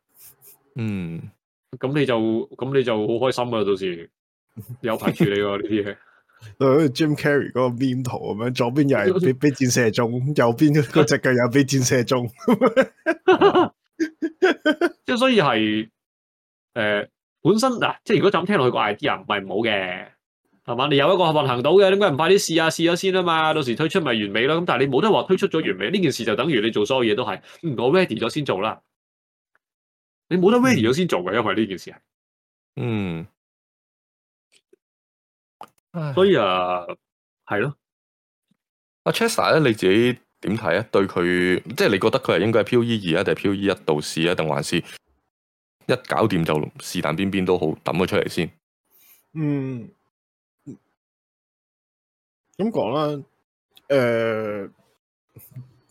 嗯，咁你就咁你就好開心啊！到時有排處理呢啲嘢。 Jim Carrey 嗰個邊圖咁樣，左邊又係俾箭射中，右邊嗰隻腳又俾箭射中、呃，即係所以係誒本身嗱，即係如果咁聽落去個 idea，唔係唔好嘅係嘛，你有一個運行到嘅，不點解唔快啲試下試咗先啊嘛？到時推出咪完美咯，咁但係你冇得話推出咗完美，呢件事就等於你做所有嘢都係唔、嗯、我 ready 咗先做啦，你冇得 ready 咗先做嘅，嗯、因為呢件事係嗯。所以啊，係咯唉，阿是的 Chester 咧，你自己點睇啊？對佢，即、就、係、是、你覺得佢係應該係 POE2 啊、e，定係 POE1 度試啊，定還是一搞掂就是？但邊邊都好，抌佢出嚟先。嗯，咁講啦，誒、呃，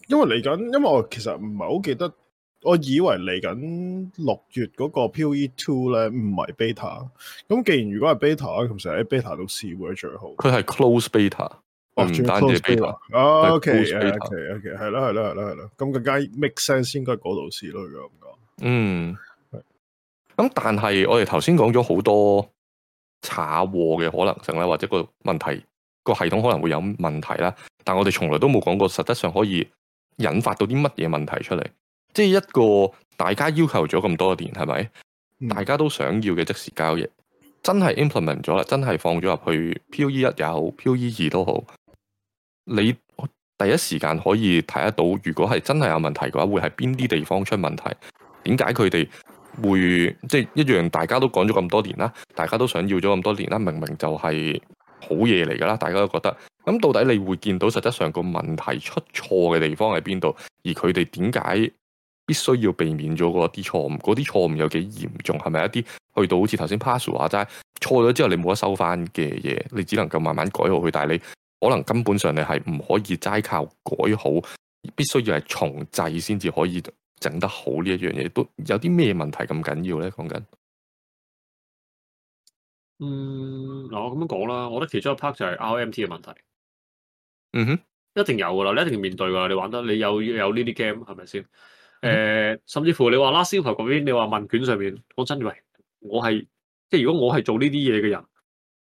因為嚟緊，因為我其實唔係好記得。我以為嚟緊六月嗰個 PoE Two 咧，唔係 beta，咁既然如果係 beta 咧，其實喺 beta 度試會係最好。佢係 close beta，唔單止 beta，哦 okay。哦，OK，OK，OK，OK，係啦，係啦，係啦，係啦，咁更加 make sense 先，應該喺嗰度試咯，如果咁講。嗯，咁是但係我哋頭先講咗好多炒貨嘅可能性啦，或者個問題個系統可能會有問題啦，但我哋從來都冇講過實質上可以引發到啲乜嘢問題出嚟。即係一個大家要求咗咁多年，係咪？大家都想要嘅即時交易，真係 implement 咗啦，真係放咗入去 POE 一也好，POE 二都好，你第一時間可以睇得到。如果係真係有問題嘅話，會係邊啲地方出問題？點解佢哋會即係一樣？大家都講咗咁多年啦，大家都想要咗咁多年啦，明明就係好嘢嚟噶啦，大家都覺得。咁到底你會見到實質上個問題出錯嘅地方喺邊度？而佢哋點解，必須要避免咗嗰啲錯誤，嗰啲錯誤有幾嚴重？係咪一啲去到好似頭先 Pazu 話齋，錯咗之後你冇得收翻嘅嘢？你只能夠慢慢改落去，但係你可能根本上你係唔可以齋靠改好，必須要係重製先至可以整得好呢一樣嘢。都有啲咩問題咁緊要咧？講緊，嗯，嗱，我咁樣講啦，我覺得其中一 part 就係 RMT 嘅問題。嗯哼，一定有噶啦，你一定要面對噶，你玩得，你有有呢啲 game 係咪先？是誒、嗯呃，甚至乎你話啦，Silver 嗰邊，你話問卷上面講真，喂，我係即係如果我係做呢啲嘢嘅人，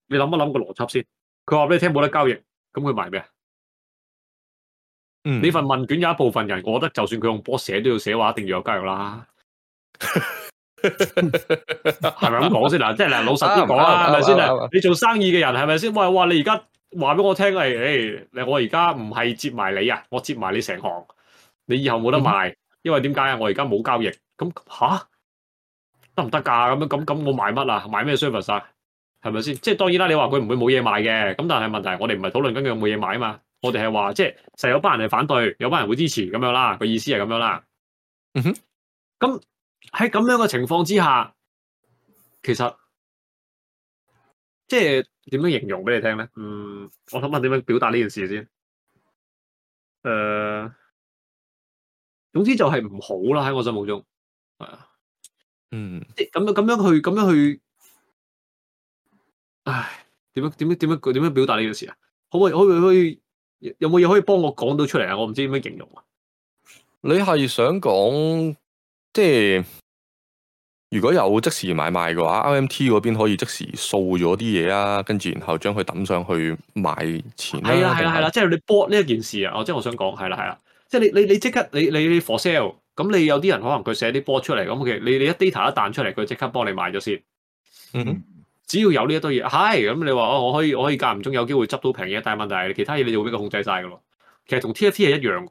你諗一諗個邏輯先。佢話俾你聽冇得交易，咁佢賣咩？嗯，呢份問卷有一部分人，我覺得就算佢用波寫都要寫話，一定要有交易啦。係咪咁講先嗱？即係嗱，老實啲講啦，係咪 先啊？ 你做生意嘅人係咪先？喂、 哎，哇！哇哇你而家話俾我聽係，誒、哎，我而家唔係接埋你啊，我接埋你成行，你以後冇得賣。嗯因為點解啊？我而家冇交易，咁吓得唔得噶？咁樣咁咁我賣乜啊？賣咩 service 啊？係咪先？即係當然啦，你話佢唔會冇嘢賣嘅。咁但係問題我有有，我哋唔係討論緊佢有冇嘢賣啊嘛？我哋係話即係，有班人係反對，有班人會支持咁樣啦。個意思係咁樣啦。嗯哼，咁喺咁樣嘅情況之下，其實即係點樣形容俾你聽咧？嗯，我諗下點樣表達呢件事先。誒、呃。總之就係唔好啦喺我心目中，係啊，嗯，即咁樣咁樣去咁樣去，唉，點樣點樣點樣點樣表達呢件事啊？可唔可以可唔可以有冇嘢可以幫我講到出嚟啊？我唔知點樣形容啊。你係想講即係如果有即時買賣嘅話，RMT 嗰邊可以即時掃咗啲嘢啊，跟住然後將佢抌上去買錢、啊。係啦係啦係啦，即係你博呢一件事啊！哦，即係我想講係啦係啦。即係你你你即刻你你你 for sale 咁你有啲人可能佢寫啲波出嚟咁嘅。你你一 data 一彈出嚟，佢即刻幫你賣咗先。嗯、哼只要有呢一堆嘢，係咁你話我可以我可以間唔中有機會執到平嘢，但係問題係其他嘢你就會俾佢控制晒嘅咯。其實同 TFT 係一樣。佢、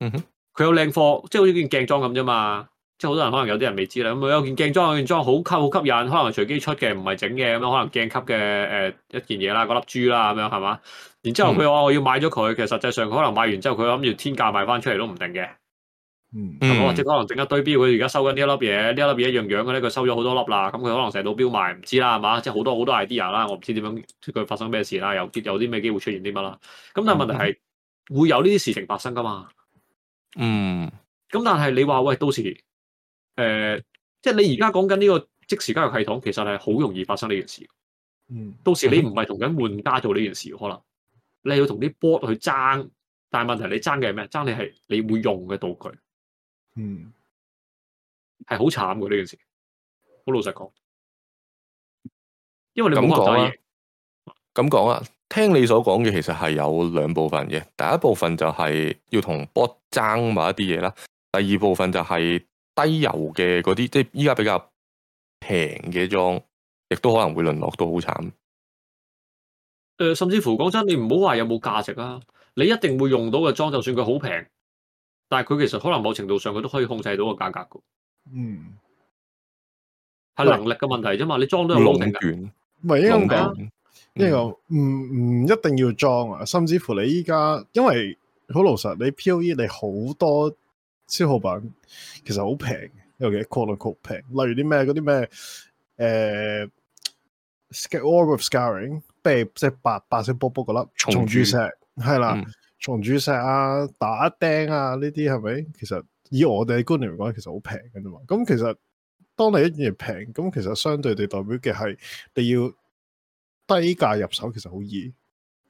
嗯、哼有靚貨，即係好似件鏡裝咁啫嘛。即係好多人可能有啲人未知啦，咁啊有件鏡裝有件裝，件裝好吸好吸引，可能隨機出嘅，唔係整嘅，咁啊可能鏡級嘅誒、呃、一件嘢啦，嗰粒珠啦，咁樣係嘛？然之後佢話：我要買咗佢，嗯、其實實際上佢可能買完之後他，佢諗住天價賣翻出嚟都唔定嘅。嗯，我即可能整一堆標，佢而家收緊呢一粒嘢，呢一粒嘢一樣樣嘅咧，佢收咗好多粒啦。咁佢可能成日都標賣，唔知啦，係嘛？即係好多好多 idea 啦，我唔知點樣佢發生咩事啦，有有啲咩機會出現啲乜啦。咁但係問題係、嗯、會有呢啲事情發生噶嘛？嗯。咁但係你話喂，到時誒、呃，即係你而家講緊呢個即時交易系統，其實係好容易發生呢件事。嗯。到時你唔係同緊玩家做呢件事，可能。你要同啲 bot 去爭，但係問題是你爭嘅係咩？爭你係你會用嘅道具，嗯，係好慘嘅呢件事。好老實講，因為你咁講啊，咁講啊，聽你所講嘅其實係有兩部分嘅。第一部分就係要同 bot 爭某一啲嘢啦，第二部分就係低油嘅嗰啲，即係依家比較平嘅裝，亦都可能會淪落到好慘。誒、呃，甚至乎講真，你唔好話有冇價值啊！你一定會用到嘅裝，就算佢好平，但係佢其實可能某程度上佢都可以控制到個價格嘅。嗯，係能力嘅問題啫嘛，喂你裝都係壟斷。唔係明，應該咁講，呢個唔唔一定要裝啊！甚至乎你依家，因為好老實，你 POE 你好多消耗品其實好平，尤其係 quality 好平。例如啲咩嗰啲咩誒 Scour Orb of Scouring。即係白白色卜卜嗰粒，重鑄石係啦，重鑄、嗯、石啊，打釘啊，呢啲係咪？其實以我哋嘅觀念嚟講，其實好平嘅啫嘛。咁其實當你一件嘢平，咁其實相對地代表嘅係你要低價入手，其實好易，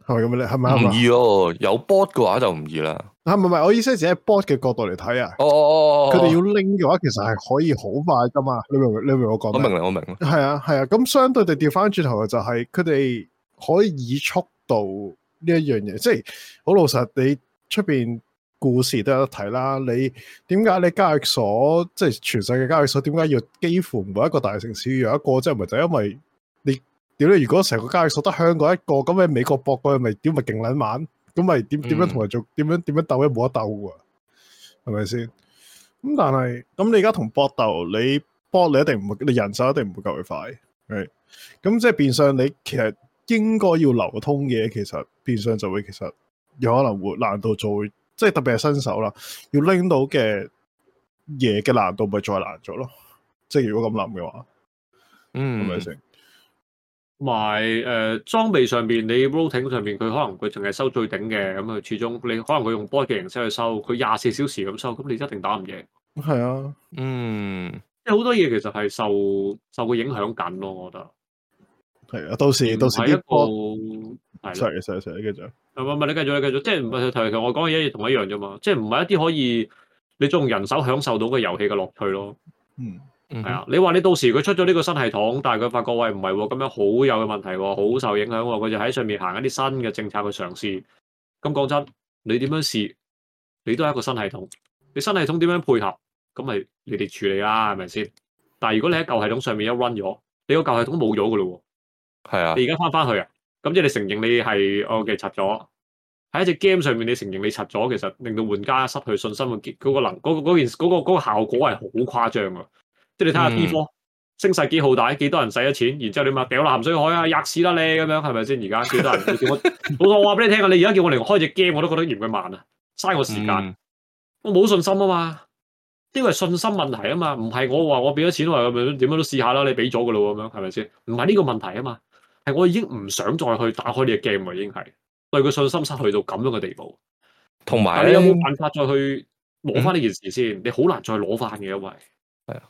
係咪咁咧？係咪唔易咯、哦？有 bot 嘅話就唔易啦。啊，咪？係，我意思係喺 bot 嘅角度嚟睇啊。哦，佢哋要拎嘅話，其實係可以好快噶嘛。你明唔明？你明我講咩？我明啦，我明啦。係啊，係啊。咁相對地調翻轉頭嘅就係佢哋。可以以速度呢一樣嘢，即係好老實，你出邊故事都有得睇啦。你點解你交易所即係全世界交易所，點解要幾乎每一個大城市有一個？即係唔係就因為你屌你，如果成個交易所得香港一個咁你美國博過去，咪屌咪勁撚猛，咁咪點點樣同人做？點、嗯、樣點樣鬥？一冇得鬥噶，係咪先？咁但係咁你而家同博鬥，你博你一定唔會，你人手一定唔會夠佢快。咁即係變相你其實。應該要流通嘅，其實變相就會其實有可能會難度再即係特別係新手啦，要拎到嘅嘢嘅難度咪再難做咯？即係如果咁諗嘅話，嗯，係咪先？同埋誒，裝、呃、備上邊你 rotting 上邊，佢可能佢淨係收最頂嘅，咁佢始終你可能佢用 bot 嘅形式去收，佢廿四小時咁收，咁你一定打唔贏。係啊，嗯，即係好多嘢其實係受受個影響緊咯，我覺得。係啊，到時到時啲，係，sorry，sorry，sorry，繼續，唔係係，你繼續你繼續，即係唔係？我講嘅嘢，同我一樣啫嘛，即係唔係一啲可以你用人手享受到嘅遊戲嘅樂趣咯。嗯，係、嗯、啊，你話你到時佢出咗呢個新系統，但係佢發覺喂唔係，咁、哎、樣好有嘅問題，好受影響，佢就喺上面行一啲新嘅政策去嘗試。咁講真，你點樣試，你都係一個新系統，你新系統點樣配合，咁咪你哋處理啦，係咪先？但係如果你喺舊系統上面一 run 咗，你個舊系統冇咗噶啦。係啊，你而家翻翻去啊，咁即係你承認你係我嘅插咗喺一隻 game 上面，你承認你插咗，其實令到玩家失去信心嘅結，嗰、那個能，嗰、那個件，那個、那個那個效果係好誇張噶。即係你睇下 B 科升勢幾好大，幾多人使咗錢，然之後你咪掉落鹹水海啊，吔屎啦你咁樣，係咪先？而家幾多人 你叫我老豆？我話俾你聽啊，你而家叫我嚟開隻 game，我都覺得嫌佢慢啊，嘥我時間，嗯、我冇信心啊嘛，呢個係信心問題啊嘛，唔係我話我俾咗錢，我咪點樣都試下啦，你俾咗噶啦，咁樣係咪先？唔係呢個問題啊嘛。我已經唔想再去打開呢個 game 啦，已經係對佢信心失去到咁樣嘅地步。同埋有，你有冇辦法再去攞翻呢件事先？嗯、你好難再攞翻嘅因為。係啊，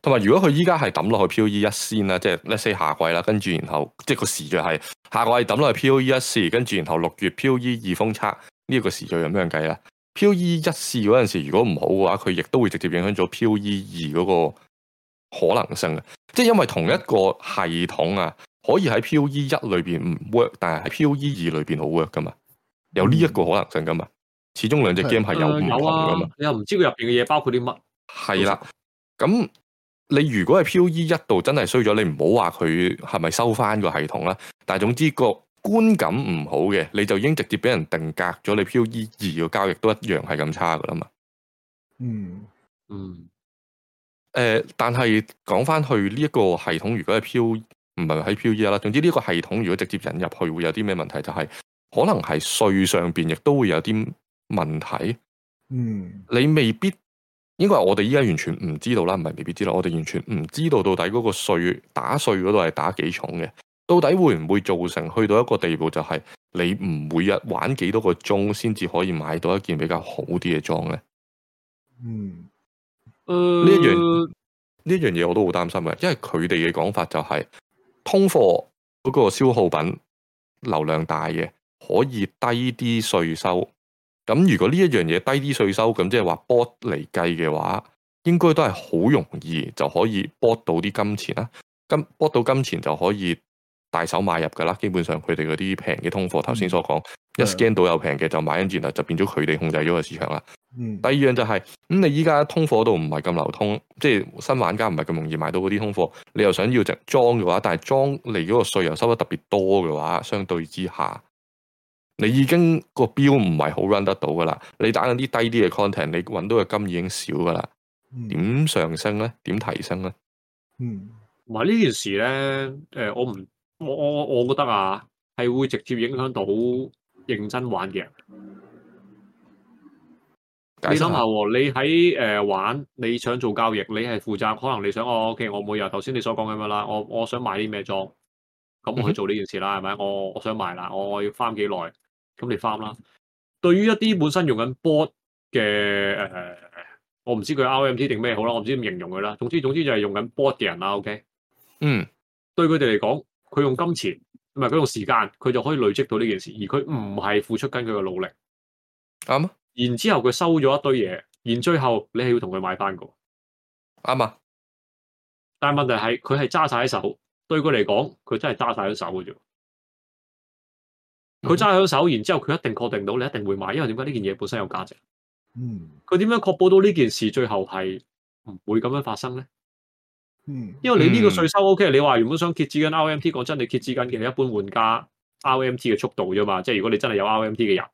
同埋如果佢依家係抌落去飄 e 一先啦，即係 let say 下季啦，跟住然後即係、e e 這個時序係下季抌落去飄 e 一先，跟住然後六月飄 e 二封測呢個時序又點樣計啊？飄 e 一試嗰陣時如果唔好嘅話，佢亦都會直接影響咗飄 e 二嗰個可能性嘅，即係因為同一個系統啊。可以喺 POE 一裏邊唔 work，但係喺 POE 二裏邊好 work 噶嘛？有呢一個可能性噶嘛？始終兩隻 game 係有唔同噶嘛、嗯嗯啊？你又唔知佢入邊嘅嘢包括啲乜？係啦的，咁、嗯、你如果係 POE 一度真係衰咗，你唔好話佢係咪收翻個系統啦。但係總之個觀感唔好嘅，你就已經直接俾人定格咗。你 POE 二個交易都一樣係咁差噶啦嘛？嗯嗯，誒、嗯呃，但係講翻去呢一、這個系統，如果係 POE。唔係喺 PoE 啦，總之呢個系統如果直接引入去，會有啲咩問、就是、問題？就係可能係稅上邊亦都會有啲問題。嗯，你未必，應該我哋依家完全唔知道啦，唔係未必知道，我哋完全唔知道到底嗰個稅打稅嗰度係打幾重嘅，到底會唔會造成去到一個地步、就是，就係你唔每日玩幾多個鐘，先至可以買到一件比較好啲嘅裝嗯，呢、呃、一樣呢一樣嘢我都好擔心嘅，因為佢哋嘅講法就係、是。通貨嗰個消耗品流量大嘅，可以低啲稅收。咁如果呢一樣嘢低啲稅收，咁即係話 Bot 嚟計嘅話，應該都係好容易就可以 Bot 到啲金錢啦。金 Bot 到金錢就可以大手買入㗎啦。基本上佢哋嗰啲平嘅通貨，頭先、嗯、所講、嗯、一 scan 到有平嘅就買緊，轉頭，就變咗佢哋控制咗個市場啦。嗯、第二樣就係、是，咁、嗯、你依家通貨度唔係咁流通，即係新玩家唔係咁容易買到嗰啲通貨，你又想要隻裝嘅話，但係裝嚟嗰個稅又收得特別多嘅話，相對之下，你已經個標唔係好 run 得到噶啦，你打緊啲低啲嘅 content，你揾到嘅金已經少噶啦，點、嗯、上升咧？點提升咧？嗯，唔係呢件事咧，誒，我唔，我我我覺得啊，係會直接影響到認真玩嘅人。你諗下喎，你喺誒、呃、玩，你想做交易，你係負責。可能你想我、哦、OK，我每日頭先你所講咁樣啦，我我想買啲咩裝，咁我去做呢件事啦，係咪、嗯？我我想買啦，我要翻幾耐，咁你翻啦。嗯、對於一啲本身用緊 bot 嘅誒，我唔知佢 RMT 定咩好啦，我唔知點形容佢啦。總之總之就係用緊 bot 嘅人啦。OK，嗯，對佢哋嚟講，佢用金錢唔係佢用時間，佢就可以累積到呢件事，而佢唔係付出緊佢嘅努力，啱、嗯然之後佢收咗一堆嘢，然後最後你係要同佢買翻個，啱啊吧！但係問題係佢係揸晒手，對佢嚟講佢真係揸晒咗手嘅啫。佢揸咗手，然之後佢一定確定到你一定會買，因為點解呢件嘢本身有價值。嗯。佢點樣確保到呢件事最後係唔會咁樣發生咧？嗯。因為你呢個稅收 O K，你話原本想揭止緊 R M T，講真你揭止緊嘅係一般玩家 R M T 嘅速度啫嘛，即係如果你真係有 R M T 嘅人。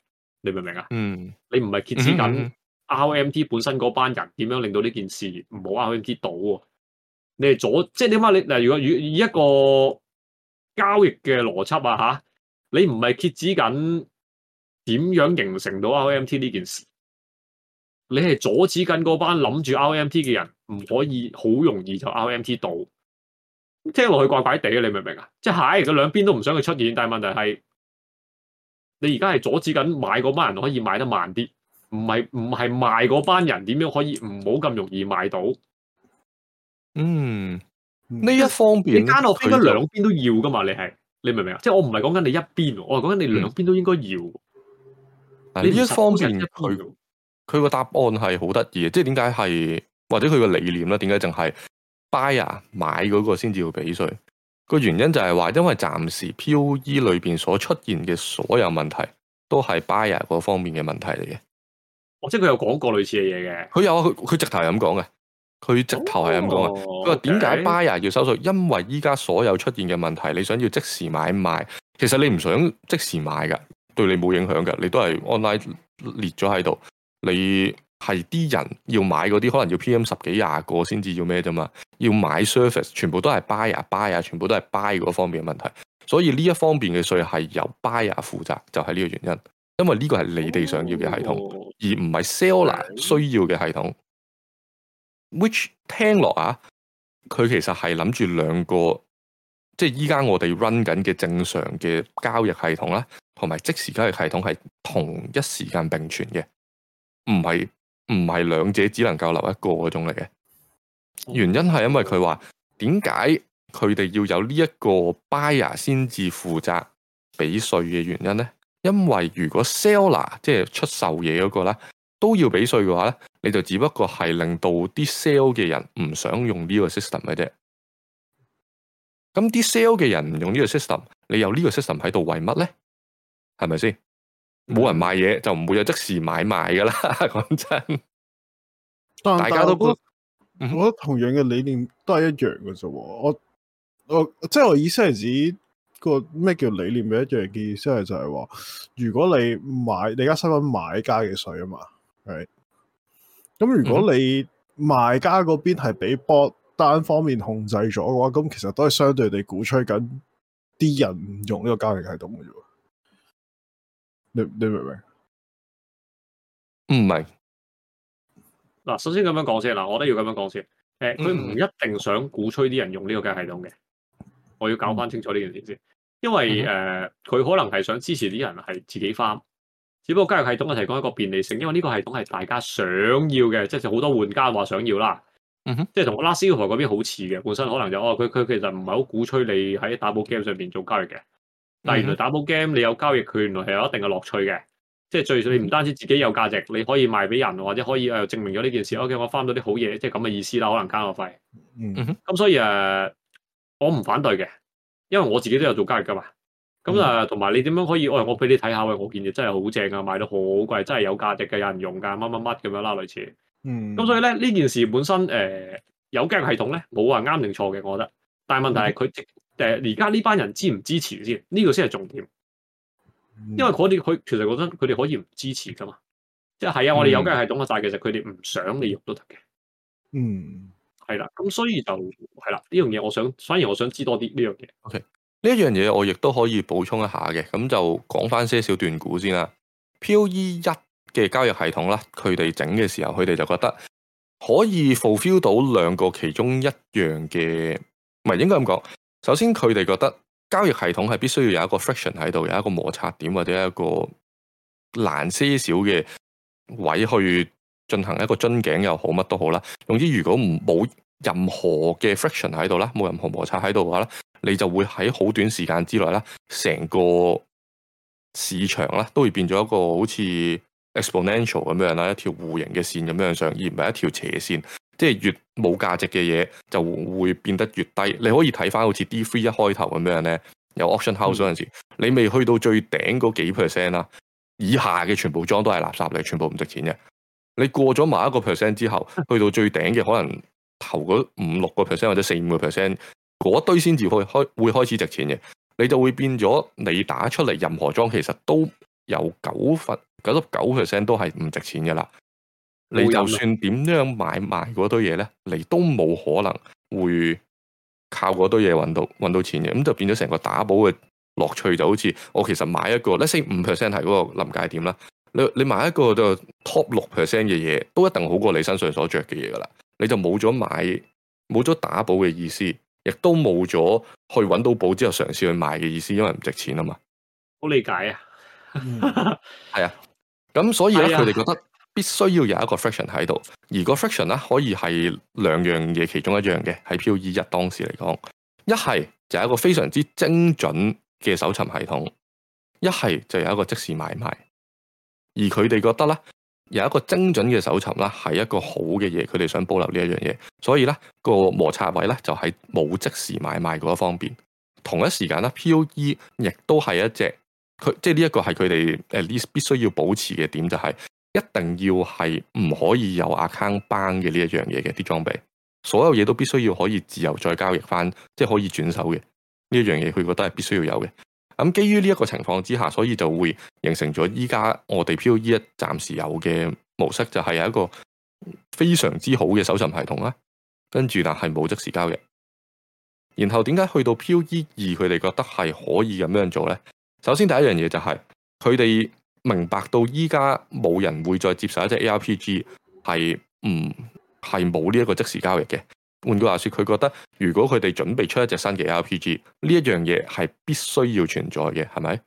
你明唔明啊？嗯，你唔係揭止緊 RMT 本身嗰班人點樣令到呢件事唔好 RMT 到？你係阻即係點解？你嗱？如果以一個交易嘅邏輯啊，吓、啊、你唔係揭止緊點樣形成到 RMT 呢件事？你係阻止緊嗰班諗住 RMT 嘅人唔可以好容易就 RMT 到、啊。咁聽落去怪怪地，你明唔明啊？即係蟹，佢、哎、兩邊都唔想佢出現，但係問題係。你而家係阻止緊買嗰班人可以買得慢啲，唔係唔係賣嗰班人點樣可以唔好咁容易買到。嗯，呢一方面，你間我應該兩邊都要噶嘛？你係你明唔明啊？即係我唔係講緊你一邊，我係講緊你兩邊都應該要。嗯、你呢一方面，佢佢個答案係好得意，即係點解係或者佢個理念咧？點解淨係 buy 啊買嗰個先至要俾稅？個原因就係話，因為，暫時 POE 裏邊所出現嘅所有問題，都係 buyer 嗰方面嘅問題嚟嘅。即係佢有講過類似嘅嘢嘅。佢有，佢直頭係咁講嘅。佢直頭係咁講嘅。佢話點解 buyer 要收稅？因為依家所有出現嘅問題，你想要即時買賣，其實你唔想即時買噶，對你冇影響噶，你都係 online 列咗喺度。你係啲人要買嗰啲，可能要 P.M. 十幾廿個先至要咩啫嘛？要買 service，全部都係 bu buyer、buyer，全部都係 buy 嗰方面嘅問題。所以呢一方面嘅稅係由 buyer 負責，就係、是、呢個原因。因為呢個係你哋想要嘅系統，哦、而唔係 seller 需要嘅系統。哦、which 聽落啊，佢其實係諗住兩個，即係依家我哋 run 緊嘅正常嘅交易系統啦，同埋即時交易系統係同一時間並存嘅，唔係。唔係兩者只能夠留一個嗰種嚟嘅，原因係因為佢話點解佢哋要有呢一個 buyer 先至負責俾稅嘅原因呢？因為如果 seller 即係出售嘢嗰個咧都要俾稅嘅話咧，你就只不過係令到啲 sell 嘅人唔想用呢個 system 嘅啫。咁啲 sell 嘅人唔用呢個 system，你有呢個 system 喺度為乜呢？係咪先？冇人賣嘢就唔會有即時買賣噶啦，講真。但大家都，嗯、哼我覺得同樣嘅理念都係一樣㗎啫。我我即係我意思係指，這個咩叫理念咪一樣嘅意思係就係話，如果你買你而家收緊買家嘅稅啊嘛，係。咁如果你賣家嗰邊係俾 Bot 單方面控制咗嘅話，咁其實都係相對地鼓吹緊啲人唔用呢個交易系統嘅喎。你明唔明？唔明。嗱，首先咁樣講先，嗱，我都要咁樣講先。誒、呃，佢唔一定想鼓吹啲人用呢個交易系統嘅。我要搞翻清楚呢件事先，因為誒，佢、呃、可能係想支持啲人係自己翻。只不過交易系統嘅提供一個便利性，因為呢個系統係大家想要嘅，即係好多玩家話想要啦。哼，即係同拉斯 s t 嗰邊好似嘅，本身可能就哦，佢佢其實唔係好鼓吹你喺打保 game 上邊做交易嘅。但係原來打波 game 你有交易權，原來係有一定嘅樂趣嘅，即係最少你唔單止自己有價值，你可以賣俾人，或者可以誒證明咗呢件事。O K，我翻到啲好嘢，即係咁嘅意思啦。可能交學費，嗯哼，嗯咁所以誒，啊，我唔反對嘅，因為我自己都有做交易噶嘛。咁啊，同埋你點樣可以？誒，哎，我俾你睇下，哎，我件嘢真係好正啊，賣得好貴，真係有價值嘅，有人用噶，乜乜乜咁樣啦，類似。嗯。咁所以咧，呢件事本身誒、呃，有交易系統咧，冇話啱定錯嘅，我覺得。但係問題係佢誒，而家呢班人支唔支持先？呢、呢個先係重點，因為佢哋佢其實覺得佢哋可以唔支持㗎嘛，即係係啊。我哋有嘅系統啊，嗯、但其實佢哋唔想你用都得嘅。嗯，係啦，咁所以就係啦。呢樣嘢，呢個、我想反而我想知多啲呢樣嘢。呢一樣嘢，okay, 這我亦都可以補充一下嘅。咁就講翻些少段古先啦。P.O.E. 一嘅交易系統啦，佢哋整嘅時候，佢哋就覺得可以 fulfill 到兩個其中一樣嘅，唔係應該咁講。首先佢哋覺得交易系統係必須要有一個 friction 喺度，有一個摩擦點或者一個難些少嘅位去進行一個樽頸又好，乜都好啦。總之如果冇任何嘅 friction 喺度啦，冇任何摩擦喺度嘅話咧，你就會喺好短時間之內啦，成個市場啦都會變咗一個好似 Exponential 咁樣啦，一條弧形嘅線咁樣上，而唔係一條斜線。即係越冇價值嘅嘢，就會變得越低。你可以睇翻好似 D three 一開頭咁樣咧，有 auction house 嗰陣時候，你未去到最頂嗰幾 percent 啦，以下嘅全部裝都係垃圾嚟，全部唔值錢嘅。你過咗某一個 percent 之後，去到最頂嘅可能頭嗰五六個 percent 或者四五個 percent 嗰堆先至開開會開始值錢嘅，你就會變咗你打出嚟任何裝其實都。有九分九十九 percent 都係唔值錢嘅啦。你就算點樣買埋嗰堆嘢咧，你都冇可能會靠嗰堆嘢揾到揾到錢嘅。咁就變咗成個打寶嘅樂趣就好似我其實買一個，即四五 percent 係嗰個臨界點啦你。你你買一個就 top 六 percent 嘅嘢，都一定好過你身上所着嘅嘢噶啦。你就冇咗買冇咗打寶嘅意思，亦都冇咗去揾到寶之後嘗試去買嘅意思，因為唔值錢啊嘛。好理解啊。係 啊，咁所以咧，佢哋覺得必須要有一個 friction 喺度，而個 friction 咧可以係兩樣嘢其中一樣嘅，喺 PoE 一當時嚟講，一係就係一個非常之精準嘅搜尋系統，一係就有一個即時買賣，而佢哋覺得咧有一個精準嘅搜尋啦係一個好嘅嘢，佢哋想保留呢一樣嘢，所以咧個摩擦位咧就喺冇即時買賣嗰一方面，同一時間咧 PoE 亦都係一隻。佢即係呢一個係佢哋誒，必必須要保持嘅點就係，一定要係唔可以有 account ban 嘅呢一樣嘢嘅，啲裝備所有嘢都必須要可以自由再交易翻，即係可以轉手嘅呢一樣嘢，佢覺得係必須要有嘅。咁基於呢一個情況之下，所以就會形成咗依家我哋飄 E 一暫時有嘅模式，就係有一個非常之好嘅搜信系統啦。跟住但係冇即時交易。然後點解去到 p 飄 E 二佢哋覺得係可以咁樣做咧？首先第一樣嘢就係佢哋明白到依家冇人會再接受一隻 ARPG 係唔係冇呢一個即時交易嘅。換句話說，佢覺得如果佢哋準備出一隻新嘅 ARPG，呢一樣嘢係必須要存在嘅，係咪？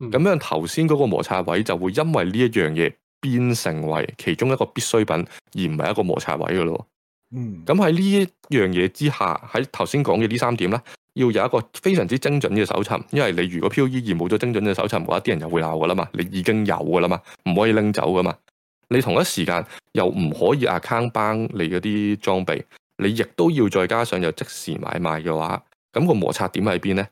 咁樣頭先嗰個摩擦位就會因為呢一樣嘢變成為其中一個必需品，而唔係一個摩擦位嘅咯。嗯，咁喺呢樣嘢之下，喺頭先講嘅呢三點咧，要有一個非常之精準嘅搜尋，因為你如果漂移而冇咗精準嘅搜尋嘅話，啲人就會鬧㗎啦嘛。你已經有㗎啦嘛，唔可以拎走㗎嘛。你同一時間又唔可以 a c c 你嗰啲裝備，你亦都要再加上有即時買賣嘅話，咁、那個摩擦點喺邊呢？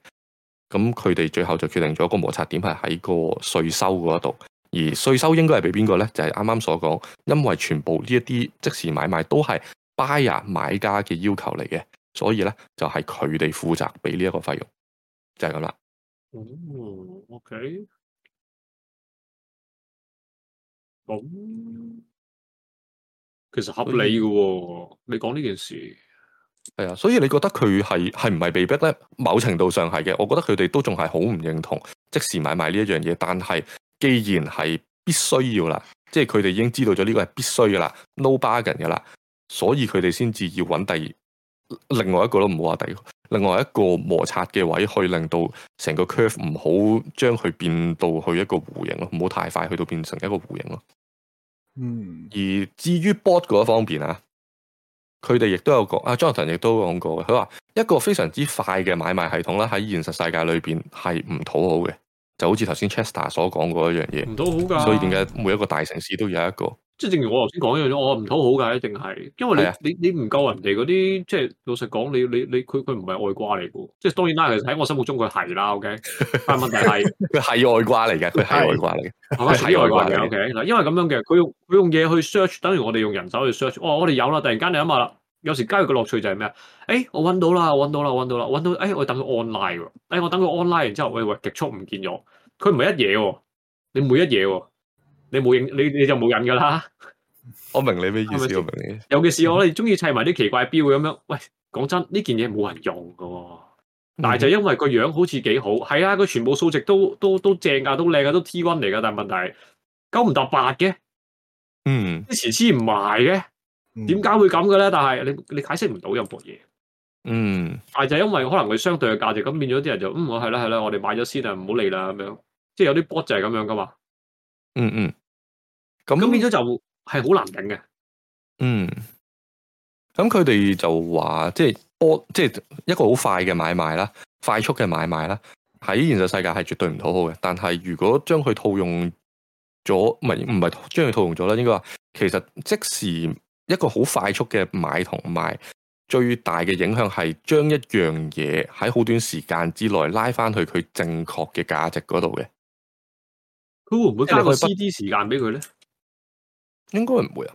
咁佢哋最後就決定咗個摩擦點係喺個稅收嗰度，而稅收應該係俾邊個呢？就係啱啱所講，因為全部呢一啲即時買賣都係 buy e r 買家嘅要求嚟嘅。所以咧，就係佢哋負責俾呢一個費用，就係咁啦。OK，咁其實合理嘅。以你講呢件事係啊，所以你覺得佢係係唔係被逼咧？某程度上係嘅。我覺得佢哋都仲係好唔認同即時買賣呢一樣嘢。但係既然係必須要啦，即係佢哋已經知道咗呢個係必須嘅啦，no bargain 嘅啦，所以佢哋先至要揾第二。另外一個都唔好話第另外一個摩擦嘅位，去令到成個 curve 唔好將佢變到去一個弧形咯，唔好太快去到變成一個弧形咯。嗯。而至於 bot 嗰一方面他們也有啊，佢哋亦都有講，阿 Jonathan 亦都講過嘅，佢話一個非常之快嘅買賣系統咧，喺現實世界裏邊係唔討好嘅，就好似頭先 Chester 所講嗰一樣嘢，唔討好噶。所以點解每一個大城市都有一個？即係正如我頭先講一樣，我唔討好㗎，一定係，因為你是的 你你唔夠人哋嗰啲，即、就、係、是、老實講，你你你佢佢唔係外掛嚟嘅，即係當然啦。其實喺我心目中佢係啦，OK，但係 問題係佢係外掛嚟嘅，佢係的外掛嚟嘅，係外掛嚟嘅，OK。嗱，因為咁樣嘅，佢用佢用嘢去 search，等於我哋用人手去 search。哦，我哋有啦，突然間你諗下啦，有時交易嘅樂趣就係咩啊？誒、哎，我揾到啦，揾到啦，揾到啦，揾到，誒、哎，我等佢 online 喎、哎，我等佢 online，然之後，喂、哎、喂、哎哎，極速唔見咗，佢唔係一嘢喎，你每一嘢喎。你冇癮，你你就冇癮噶啦。我明你咩意思？ 我明你。尤其是我哋中意砌埋啲奇怪表咁樣。 喂，講真的，呢件嘢冇人用噶、嗯啊啊啊。但係就因為個樣好似幾好，係啊，佢全部數值都都都正噶，都靚噶，都 T one 嚟噶。但係問題九唔搭八嘅，嗯，啲前先唔埋嘅，點解會咁嘅咧？但係你你解釋唔到任何嘢。嗯，但係就係因為可能佢相對嘅價值，咁變咗啲人就嗯，我係啦係啦，我哋買咗先啊，唔好理啦咁樣。即係有啲 bot 就係咁樣噶嘛。嗯嗯，咁咁變咗就係好難頂嘅。嗯，咁佢哋就話，即係，即係一個好快嘅買賣啦，快速嘅買賣啦，喺現實世界係絕對唔討好嘅。但係如果將佢套用咗，唔係唔係將佢套用咗啦，應該話，其實即時一個好快速嘅買同賣，最大嘅影響係將一樣嘢喺好短時間之內拉翻去佢正確嘅價值嗰度嘅。佢會唔會個加個 CD 時間俾佢咧？應該唔會啊。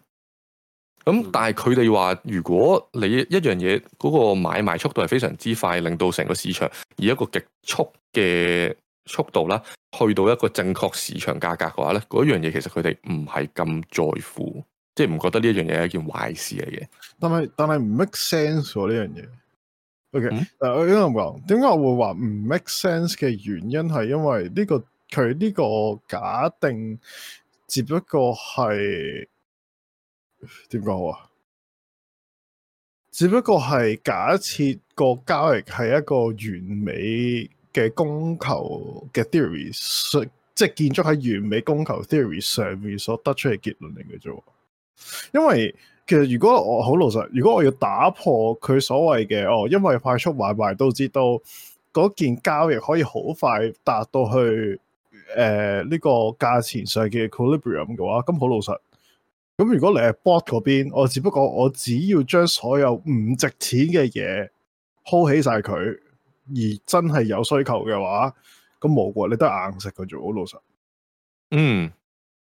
咁但係佢哋話，如果你一樣嘢嗰個買賣速度係非常之快，令到成個市場以一個極速嘅速度啦，去到一個正確市場價格嘅話咧，嗰樣嘢其實佢哋唔係咁在乎，即係唔覺得呢一樣嘢係一件壞事嚟嘅。但係但係唔 make sense 喎呢樣嘢。OK，嗱、嗯、我應該咁講，點解我會話唔 make sense 嘅原因係因為呢、呢個。佢呢個假定只不過係點講好啊？只不過係假設個交易係一個完美嘅供求嘅 theory，即係建築喺完美供求 theory 上面所得出嘅結論嚟嘅啫。因為其實如果我好老實，如果我要打破佢所謂嘅哦，因為快速買賣導致到嗰件交易可以好快達到去。誒，呢、呃這個價錢上嘅 equilibrium 嘅話，咁好老實。咁如果你係 bot 嗰邊，我只不過我只要將所有唔值錢嘅嘢 hold 起晒佢，而真係有需求嘅話，咁冇噶，你都硬食佢，做好老實。嗯，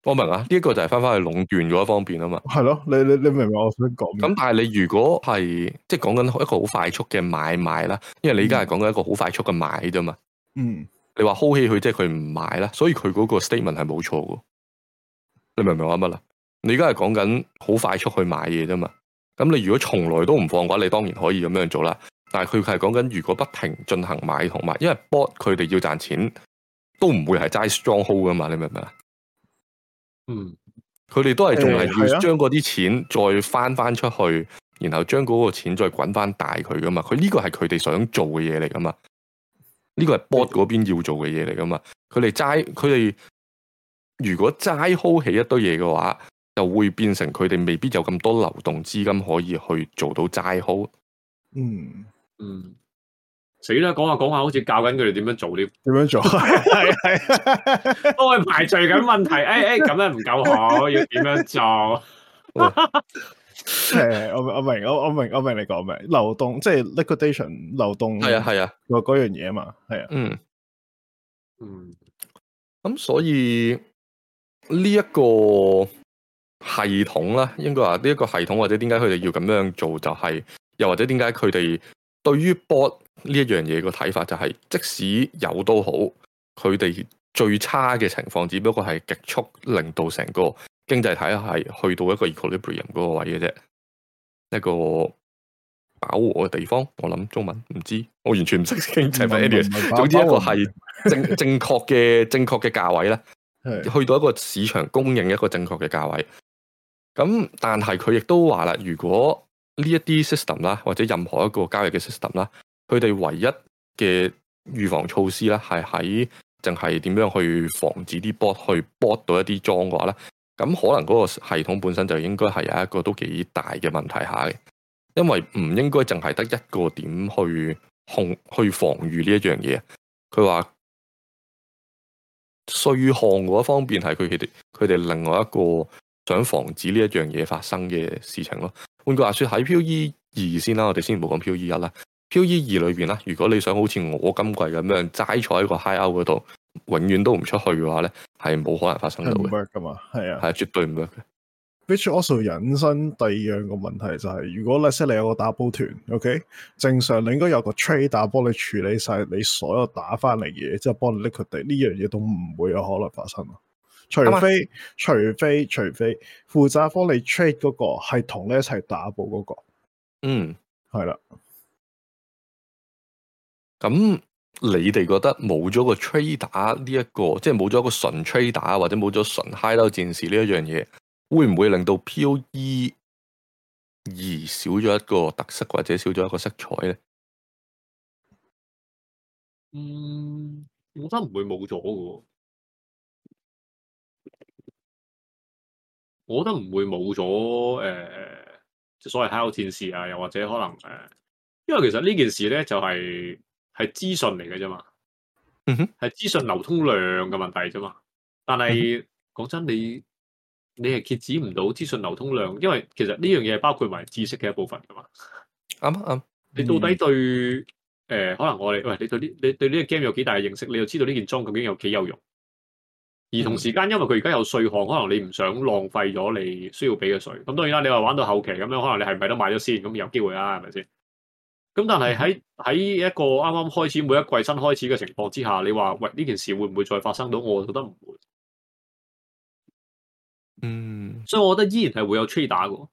我明啊，呢、這、一個就係翻翻去壟斷嗰一方面啊嘛。係咯，你你你明唔明我想講？咁但係你如果係即係講緊一個好快速嘅買賣啦，因為你而家係講緊一個好快速嘅買啫嘛。嗯。你話 hold 起佢即係佢唔買啦，所以佢嗰個 statement 係冇錯嘅。你明唔明我乜啦？你而家係講緊好快出去買嘢啫嘛。咁你如果從來都唔放嘅話，你當然可以咁樣做啦。但係佢係講緊如果不停進行買同埋，因為 bot 佢哋要賺錢，都唔會係齋 strong hold 噶嘛。你明唔明啊？嗯，佢哋都係仲係要將嗰啲錢再翻翻出去，嗯、然後將嗰個錢再滾翻大佢噶嘛。佢、這、呢個係佢哋想做嘅嘢嚟噶嘛。呢個係 bot 嗰邊要做嘅嘢嚟㗎嘛？佢哋齋佢哋如果齋 hold 起一堆嘢嘅話，就會變成佢哋未必有咁多流動資金可以去做到齋 hold，嗯。嗯嗯，死啦！講下講下，好似教緊佢哋點樣做啲，點樣做？係係，排除緊問題。誒誒、 哎，咁樣唔夠好，要點樣做？ 誒，我我明，我我明，我明，我明，我明，我明你講咩，漏洞，即係 liquidation 漏洞。係啊係啊，嗰嗰、啊、樣嘢啊嘛，係啊，嗯嗯，咁所以呢一、呢個系統啦，應該話呢一個系統或者點解佢哋要咁樣做、就係，就係又或者點解佢哋對於 Bot 呢一樣嘢個睇法、就係，就係即使有都好，佢哋最差嘅情況只不過係極速令到成個。經濟體系去到一個 equilibrium 嗰個位嘅啫，一個飽和嘅地方。我諗中文唔知道，我完全唔識經濟 f 不是總之一個係正 正確嘅正確嘅價位咧，去到一個市場供應一個正確嘅價位。咁但係佢亦都話啦，如果這些呢一啲 system 啦，或者任何一個交易嘅 system 啦，佢哋唯一嘅預防措施咧，係喺淨係點樣去防止啲 bot 去 bot 到一啲裝嘅話咧。咁可能嗰個系統本身就應該係有一個都幾大嘅問題下嘅，因為唔應該淨係得一個點去控、去防禦呢一樣嘢。佢話稅項嗰一方面係佢哋佢哋另外一個想防止呢一樣嘢發生嘅事情咯。換句話說，喺 POE 二先啦，我哋先唔好講 POE 一啦。POE 二裏邊啦，如果你想好似我今季咁樣齋坐喺個 Hideout 嗰度，永遠都唔出去嘅話咧，係冇可能發生到嘅。唔得噶嘛，係啊，係的絕對唔得嘅。Which also 引申第二樣嘅問題就係、是，如果假設你有個打波團，OK，正常你應該有個 trade、er、打波，你處理晒你所有打翻嚟嘢，之後幫你拎佢哋呢樣嘢，這個、都唔會有可能發生啊。除非，吧除非，除非，除非，負責幫你 trade 嗰個係同你一齊打波嗰、那個。嗯，係啦的。咁。你哋覺得冇咗個 trader 呢、這、一個，即係冇咗一個純 trader 或者冇咗純 Hideout 戰士呢一樣嘢，會唔會令到 POE 而少咗一個特色或者少咗一個色彩咧？嗯，我覺得唔會冇咗嘅。我覺得唔會冇咗誒，所謂 Hideout 戰士啊，又或者可能、呃、因為其實呢件事咧就係、是。係資訊嚟嘅啫嘛，嗯哼，係資訊流通量嘅問題啫嘛。但係講、mm hmm. 真，你你係遏止唔到資訊流通量，因為其實呢樣嘢包括埋知識嘅一部分㗎嘛。啱啊啱。Hmm. 你到底對誒、呃、可能我哋喂你對呢你對呢個 game 有幾大嘅認識，你就知道呢件裝究竟有幾有用。而同時間，因為佢而家有稅項，可能你唔想浪費咗你需要俾嘅稅。咁當然啦，你話玩到後期咁樣，可能你係咪都買咗先咁有機會啦，係咪先？咁但係喺，喺一個啱啱開始每一季新開始嘅情況之下，你話喂，呢件事會唔會再發生到？我覺得唔會。嗯，所以我覺得依然係會有 trade 打嘅，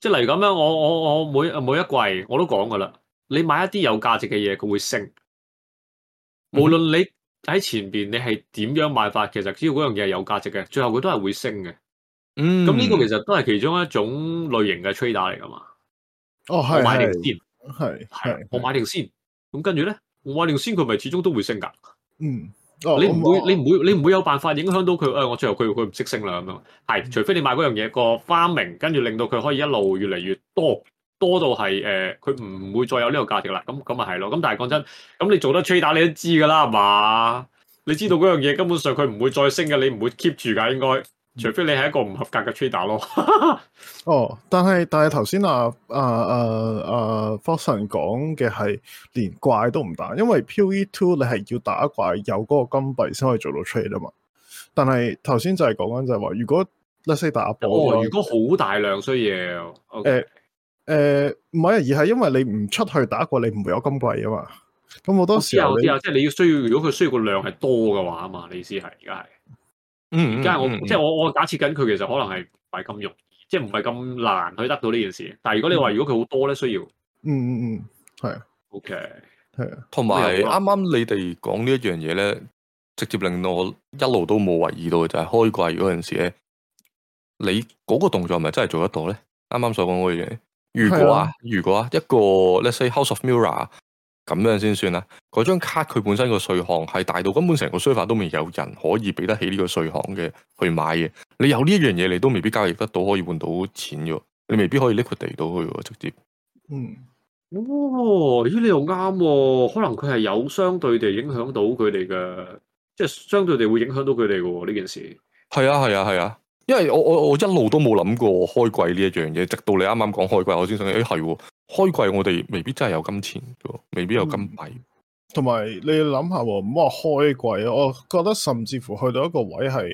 即係例如咁樣，我我我每每一季我都講噶啦，你買一啲有價值嘅嘢，佢會升。無論你喺前邊你係點樣買法，其實只要嗰樣嘢係有價值嘅，最後佢都係會升嘅。嗯，咁呢個其實都係其中一種類型嘅吹打嚟噶嘛。哦，係。係係，我買定先，咁跟住咧，我買定先，佢咪始終都會升噶。嗯，哦、你唔會，嗯、會，你唔會，你唔會有辦法影響到佢。誒、哎，我最後佢佢唔識升啦，咁樣係，嗯、除非你買嗰樣嘢個花名，跟住令到佢可以一路越嚟越多，多到係誒，佢、呃、唔會再有呢個價值啦。咁咁咪係咯。咁但係講真，咁你做得吹打、er、你都知噶啦，係嘛？你知道嗰樣嘢根本上佢唔會再升嘅，你唔會 keep 住噶，應該。除非你係一個唔合格嘅 trader 咯 。哦，但係但係頭先啊啊啊啊，Foxon 講嘅係連怪都唔打，因為 PoE Two 你係要打怪有嗰個金幣先可以做到 trader 啊嘛。但係頭先就係講緊就係話，如果 let say 打波，哦、如果好大量需要，誒誒唔係，而係因為你唔出去打怪，你唔會有金幣啊嘛。咁好多時候即係你要需要，如果佢需要個量係多嘅話啊嘛，你意思係而家係。嗯，嗯，即係我即係我我假設緊佢其實可能係唔係咁容易，嗯、即係唔係咁難去得到呢件事。但係如果你話，如果佢好多咧，需要，嗯嗯嗯，係、嗯嗯、，OK，係啊的。同埋啱啱你哋講呢一樣嘢咧，直接令我一路都冇懷疑到嘅就係、是、開季嗰陣時咧，你嗰個動作係咪真係做得到咧？啱啱所講嗰嘢，如果，啊、是的 如果啊，如果啊，一個 Let's say House of Mirrors。咁樣先算啦。嗰張卡佢本身個稅項係大到根本成個稅法都未有人可以俾得起呢個稅項嘅去買嘅。你有呢一樣嘢，你都未必交易得到，可以換到錢嘅。你未必可以拎佢地到去直接。嗯。哦，咦，你又啱。可能佢係有相對地影響到佢哋嘅，即係相對地會影響到佢哋嘅呢件事。係啊，係啊，係啊。因為我我我一路都冇諗過開櫃呢一樣嘢，直到你啱啱講開櫃，我先想，誒、哎，係、啊。開季我哋未必真係有金錢㗎喎，未必有金幣。同埋、嗯、你諗下，唔好話開季，我覺得甚至乎去到一個位係，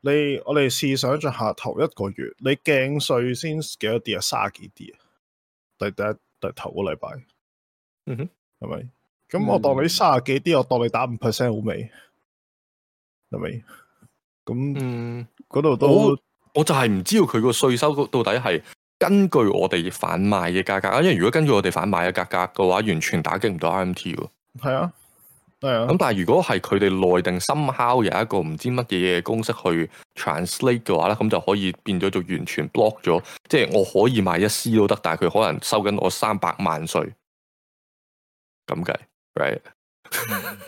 你我哋試想象下，頭一個月你鏡稅先幾多啲啊？卅幾啲啊？第一第一第頭個禮拜，嗯哼，係咪？咁我當你卅幾啲，我當你打五 percent 好未？係咪？咁，嗯，嗰度都我，我就係唔知道佢個稅收到底係。根據我哋販賣嘅價格，因為如果根據我哋販賣嘅價格嘅話，完全打擊唔到 RMT 喎。係啊，係啊。咁但係如果係佢哋內定深敲有一個唔知乜嘢嘅公式去 translate 嘅話咧，咁就可以變咗做完全 block 咗。即係我可以賣一 c 都得，但係佢可能收緊我三百萬稅咁計，right？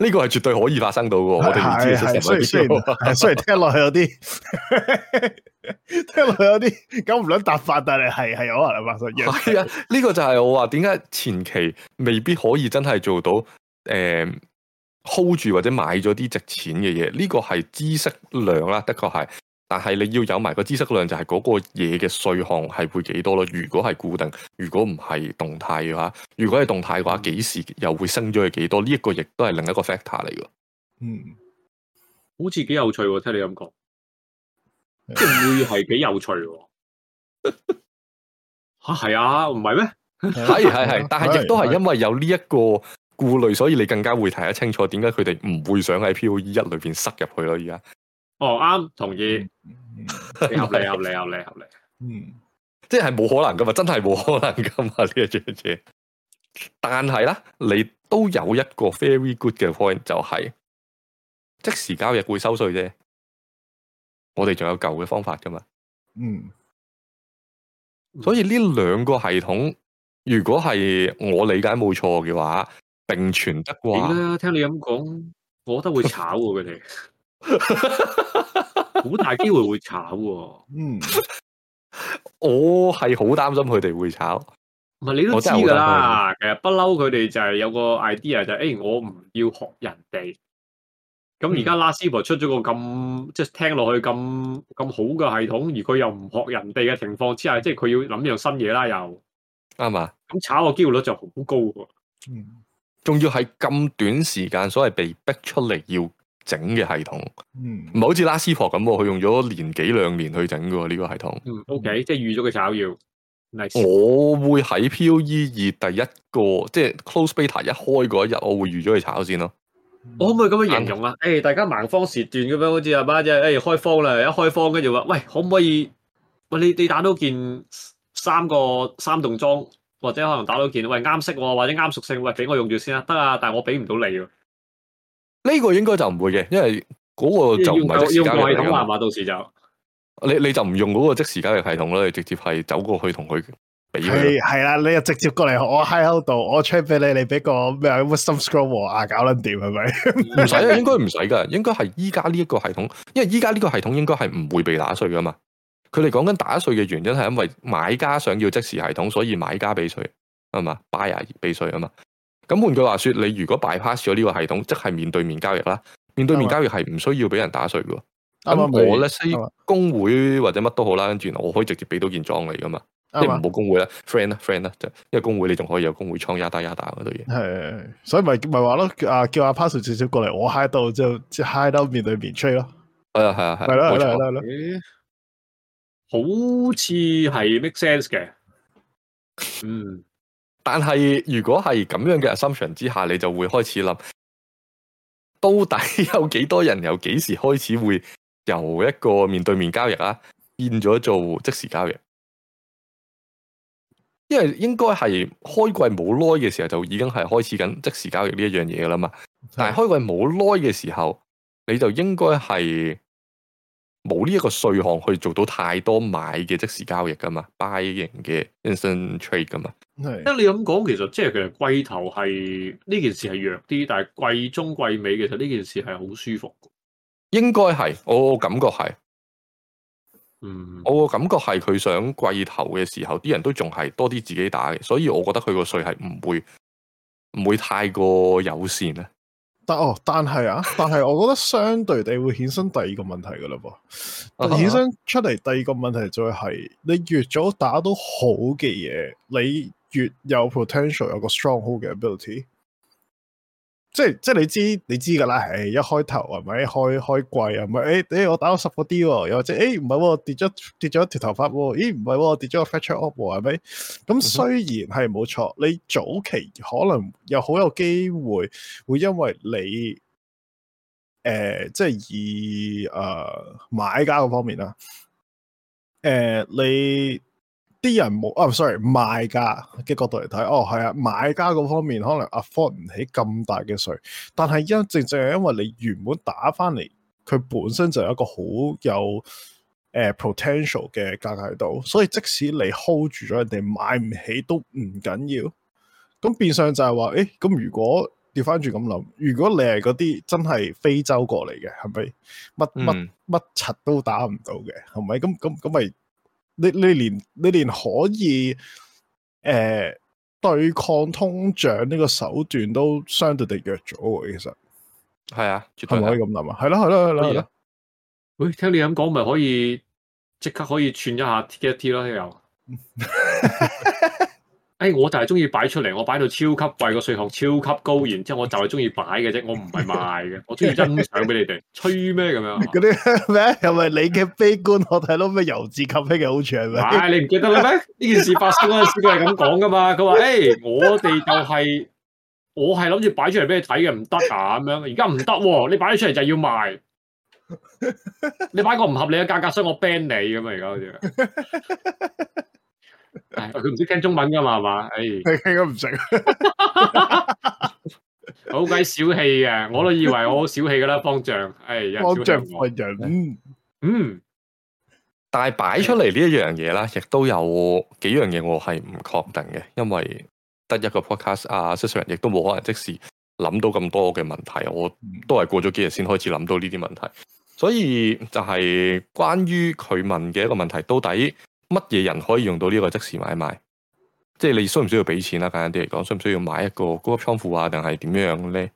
呢個係絕對可以發生到噶，我哋唔知嘅事情有啲，是是是是雖然聽落去有啲， 聽落去有啲，咁唔卵答法，但係係係有可能發生。係啊，呢個就係我話點解前期未必可以真係做到誒、呃、hold 住或者買咗啲值錢嘅嘢，呢個係知識量啦，的確係。但係你要有埋個知識量，就係嗰個嘢嘅稅項係會幾多咯？如果係固定，如果唔係動態嘅話，如果係動態嘅話，幾時又會升咗去幾多？呢、這、一個亦都係另一個 factor 嚟嘅。嗯，好似幾有趣的，聽你咁講，即係會係幾有趣。吓係 啊，唔係咩？係係係，但係亦都係因為有呢一個顧慮，所以你更加會睇得清楚，點解佢哋唔會想喺 PoE 1裏邊塞入去咯？而家。哦啱同意，合理，合理合理合理合理，嗯， 即係冇可能噶嘛，真係冇可能噶嘛呢一樁事。但係咧，你都有一個 very good 嘅 point，就係、是、即時交易會收稅啫。我哋仲有舊嘅方法噶嘛，嗯。 所以呢兩個系統，如果係我理解冇錯嘅話，並存得啩？點啊？聽你咁講，我都會炒佢哋。好 大機會會炒、啊，嗯，我係好擔心佢哋會炒。唔係，你都知噶啦，其實不嬲佢哋就係有個 idea 就係、是，誒、哎，我唔要學人哋。咁而家拉斯伯出咗個咁即係聽落去咁咁好嘅系統，而佢又唔學人哋嘅情況之下，即係佢要諗樣新嘢啦，又啱嘛？咁吧炒個機會率就好高、啊，嗯，仲要係咁短時間，所謂被逼出嚟要。整嘅系統，唔係好似拉斯珀咁，佢用咗年幾兩年去整嘅呢個系統。嗯、o、okay, K，即係預咗佢炒要。我會喺 P O E 二第一個，即係 Close Beta 一開嗰一日，我會預咗佢炒先咯。嗯、我可唔可以咁樣形容啊？誒但、哎，大家盲方時段咁樣，好似阿媽啫，誒、哎、開方啦，一開方跟住話，喂，可唔可以？喂，你你打到件三個三棟裝，或者可能打到件，喂啱色喎，或者啱屬性，喂俾我用住先啦、啊，得啊，但係我俾唔到你喎。呢個應該就唔會嘅，因為嗰個就唔係即時交易嘛。系統。你到時就你你就唔用嗰個即時交易系統啦，你直接係走過去同佢俾。係啦，你就直接過嚟，我喺度，我 check 俾你，你俾個咩啊 wisdom scroll 啊？搞捻掂係咪？唔使啊，應該唔使噶，應該係依家呢一個系統，因為依家呢個系統應該係唔會被打稅噶嘛。佢哋講緊打稅嘅原因係因為買家想要即時系統，所以買家俾稅係嘛，buyer 俾稅啊嘛。是咁換句話說，你如果 bypass 咗呢個系統，即係面對面交易啦。面對面交易係唔需要俾人打稅嘅喎。咁吧我咧，所以工會或者乜都好啦，跟住我可以直接俾到件裝嚟噶嘛。吧即唔冇工會啦，friend 啦，friend 啦，就吧因為工會你仲可以有工會倉，打一打嗰啲嘢。係，所以咪咪話咯，啊叫阿 Pazu 直接過嚟，我 high 到就即係 high 到面對面 trade 咯。係啊係啊，係啦係啦，好似係 make sense 嘅，嗯。 但係，如果係咁樣嘅 assumption 之下，你就會開始諗，到底有幾多人，由幾時開始會由一個面對面交易啊，變咗做即時交易？因為應該係開季冇耐嘅時候就已經係開始緊即時交易呢一樣嘢噶啦嘛。是的但係開季冇耐嘅時候，你就應該係。冇呢一個稅項去做到太多買嘅即時交易噶嘛，buy 型嘅 instant trade 噶嘛。因為你咁講，其實即係其實季頭係呢件事係弱啲，但係季中季尾其實呢件事係好舒服。應該係，我感覺係。嗯，我感覺係佢想季頭嘅時候，啲人都仲係多啲自己打嘅，所以我覺得佢個稅係唔會唔會太過友善的。但哦，但係啊，但係，我覺得相對地會衍生第二個問題噶啦噃， 衍生出嚟第二個問題就係，你越早打到好嘅嘢，你越有 potential，有個 stronghold 嘅 ability。即係即係你知你知噶啦，係一開頭係咪開開季啊？咪誒、欸欸，我打到十個 D，又或者誒，唔、欸、係、啊、跌咗跌咗條頭髮，咦唔係跌咗個 fetch up 係咪？咁雖然係冇錯，你早期可能又好有機會，會因為你誒、呃，即係以誒、呃、買家個方面啦，誒、呃、你。啲人冇啊，sorry，賣家嘅角度嚟睇，哦，係啊、哦，買家嗰方面可能 afford 唔起咁大嘅稅，但係一正正係因為你原本打翻嚟，佢本身就有一個好有誒、呃、potential 嘅價格喺度，所以即使你 hold 住咗人哋買唔起都唔緊要。咁變相就係話，誒、欸，咁如果調翻轉咁諗，如果你係嗰啲真係非洲過嚟嘅，係咪乜乜乜柒都打唔到嘅，係咪？咁咁咁咪？你你連你連可以誒、呃、對抗通脹呢個手段都相對地弱咗喎，其實係啊，絕對唔可以咁諗啊，係咯係咯係咯，喂，聽你咁講，咪可以即刻可以串一下 TFT 咯又。 誒、哎，我就係中意擺出嚟，我擺到超級貴，個稅項，超級高，然之後我就係中意擺嘅啫，我唔係賣嘅，我中意真相俾你哋， 吹咩咁樣？嗰啲咩？又係你嘅悲觀我睇到咩？油資吸起嘅好處係咩？你唔記得啦咩？呢 件事發生嗰陣時佢係咁講噶嘛？佢話誒，我哋就係、係、我係諗住擺出嚟俾你睇嘅，唔得啊咁樣。而家唔得，你擺咗出嚟就要賣。你擺個唔合理嘅價格，所以我 ban 你咁嘛。而家好似。 佢唔識聽中文噶嘛，係嘛？誒、哎，佢聽都唔識，好鬼小氣嘅，我都以為我好小氣噶啦，方丈，誒、哎，方丈個人，嗯，但係擺出嚟呢一樣嘢啦，亦都有幾樣嘢我係唔確定嘅，因為得一個 podcast 啊，資訊人亦都冇可能即時諗到咁多嘅問題，我都係過咗幾日先開始諗到呢啲問題，所以就係關於佢問嘅一個問題，到底。乜嘢人可以用到呢個即時買賣？即係你需唔需要俾錢啦？簡單啲嚟講，需唔需要買一個高級倉庫啊？定係點樣呢？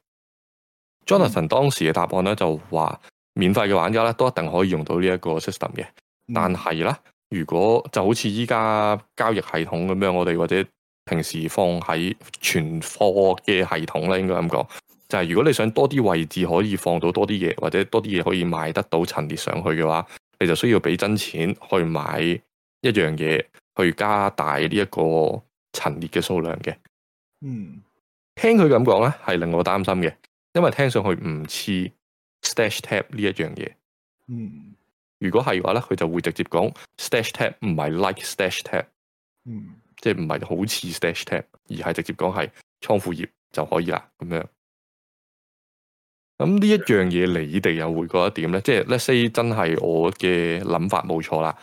Jonathan 當時嘅答案咧就話，免費嘅玩家咧都一定可以用到呢一個 system 嘅。但係啦，如果就好似依家交易系統咁樣，我哋或者平時放喺存貨嘅系統咧，應該咁講，就係如果你想多啲位置可以放到多啲嘢，或者多啲嘢可以賣得到陳列上去嘅話，你就需要俾真錢去買。一樣嘢，去加大呢一個陳列嘅數量嘅，嗯，聽佢咁講咧，係令我擔心嘅。因為聽上去唔似 stash tab 呢一樣嘢，嗯，如果係嘅話咧，佢就會直接講 stash tab，唔係 like stash tab 嗯，即係唔係好似 stash tab 而係直接講係倉庫業就可以啦。咁樣，咁呢一樣嘢你哋又會覺得點咧？即係 let’s say 真係我嘅諗法冇錯啦。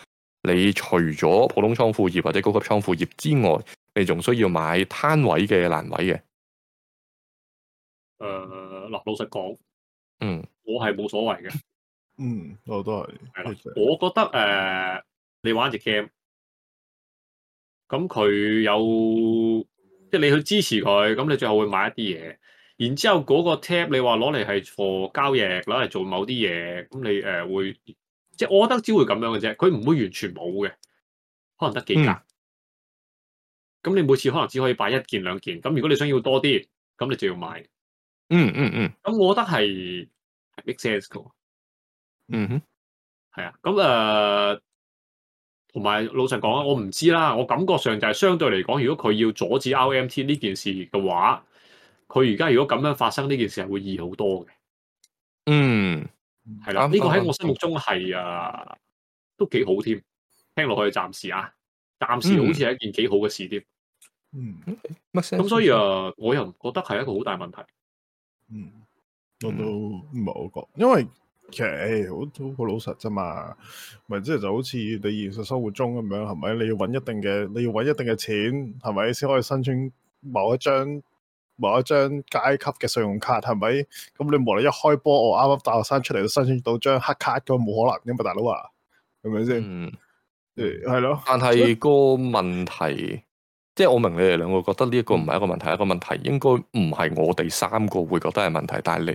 你除咗普通倉庫業或者高級倉庫業之外，你仲需要買攤位嘅欄位嘅？誒，嗱，老實講，嗯，我係冇所謂嘅。嗯，我都係。係啦，我覺得誒、呃，你玩隻 game，咁佢有即係、就是、你去支持佢，咁你最後會買一啲嘢。然之後嗰個 tab 你話攞嚟係做交易，攞嚟做某啲嘢，咁你誒、呃、會。即係我覺得只會咁樣嘅啫，佢唔會完全冇嘅，可能得幾格。咁、嗯、你每次可能只可以擺一件兩件。咁如果你想要多啲，咁你就要買嗯。嗯嗯嗯。咁我覺得係係 make sense 嗯哼，係啊。咁誒，同、uh, 埋老實講啊，我唔知啦。我感覺上就係相對嚟講，如果佢要阻止 RMT 呢件事嘅話，佢而家如果咁樣發生呢件事係會易好多嘅。嗯。係啦，呢個喺我心目中係、嗯、啊，都幾好添。聽落去暫時啊，暫時好似係一件幾好嘅事添。咁、嗯、所以啊，我又唔覺得係一個好大問題。嗯，我都唔係好覺，因為其實我都好老實啫嘛。咪即係就好似你現實生活中咁樣，係咪你要揾一定嘅，你要揾一定嘅錢，係咪先可以申請某一張？某一張階級嘅信用卡係咪？咁你無論一開波，我啱啱大學生出嚟都申請到張黑卡，咁冇可能因嘛？大佬啊，係咪先？嗯，係咯、嗯。但係個問題，以即係我明你哋兩個覺得呢一個唔係一個問題，嗯、一個問題應該唔係我哋三個會覺得係問題。但係你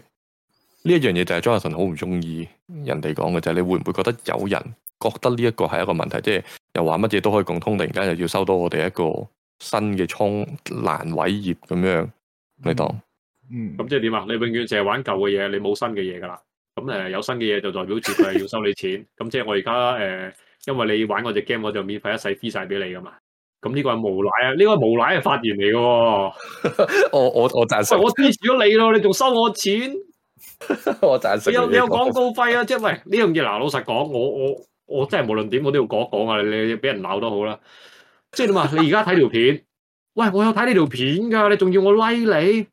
呢一樣嘢就係 Jonathan 好唔中意人哋講嘅就係，你會唔會覺得有人覺得呢一個係一個問題？即係又話乜嘢都可以共通，突然間又要收到我哋一個新嘅倉爛尾業咁樣？你當，嗯，咁即係點啊？你永遠淨係玩舊嘅嘢，你冇新嘅嘢噶啦。咁誒、呃，有新嘅嘢就代表住佢係要收你錢。咁 即係我而家誒，因為你玩我隻 game，我就免費一世 free 晒俾你噶嘛。咁呢個係無賴啊！呢、這個無賴嘅發言嚟噶、啊。 我我我讚我支持咗你咯，你仲收我錢？ 我讚成你有？你有有廣告費啊？即係 喂呢樣嘢嗱，老實講，我我我真係無論點，我都要講一講啊！你你俾人鬧都好啦， 即係點啊？你而家睇條片。喂，我有睇呢條片㗎，你仲要我拉你？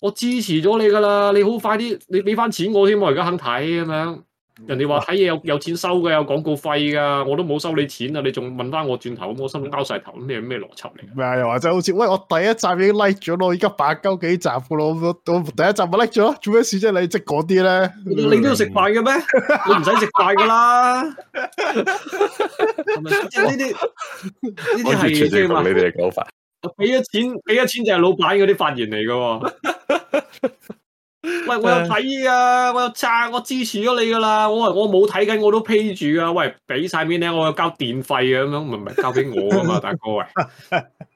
我支持咗你㗎啦，你好快啲，俾你返錢我添，我而家肯睇咁樣。人哋話睇嘢有有錢收嘅，有廣告費噶，我都冇收你錢啊！你仲問翻我轉頭咁，我心諗交晒頭，呢係咩邏輯嚟？咩啊？又話即好似，喂！我第一集已經 like 咗咯，依家百鳩幾集噶咯，我第一集咪 like 咗？做咩事啫？你即嗰啲咧？你都要食飯嘅咩？ 你唔使食飯噶啦？即係呢啲呢啲係你哋嘅講法，我俾咗錢，俾咗錢就係老闆嗰啲發言嚟噶。 喂，我有睇啊，uh, 我有讚，我支持咗你噶啦。我我冇睇緊，我都 pay 住啊。喂，俾晒面咧，我有交電費啊。咁樣，唔係交俾我啊嘛， 大哥喂,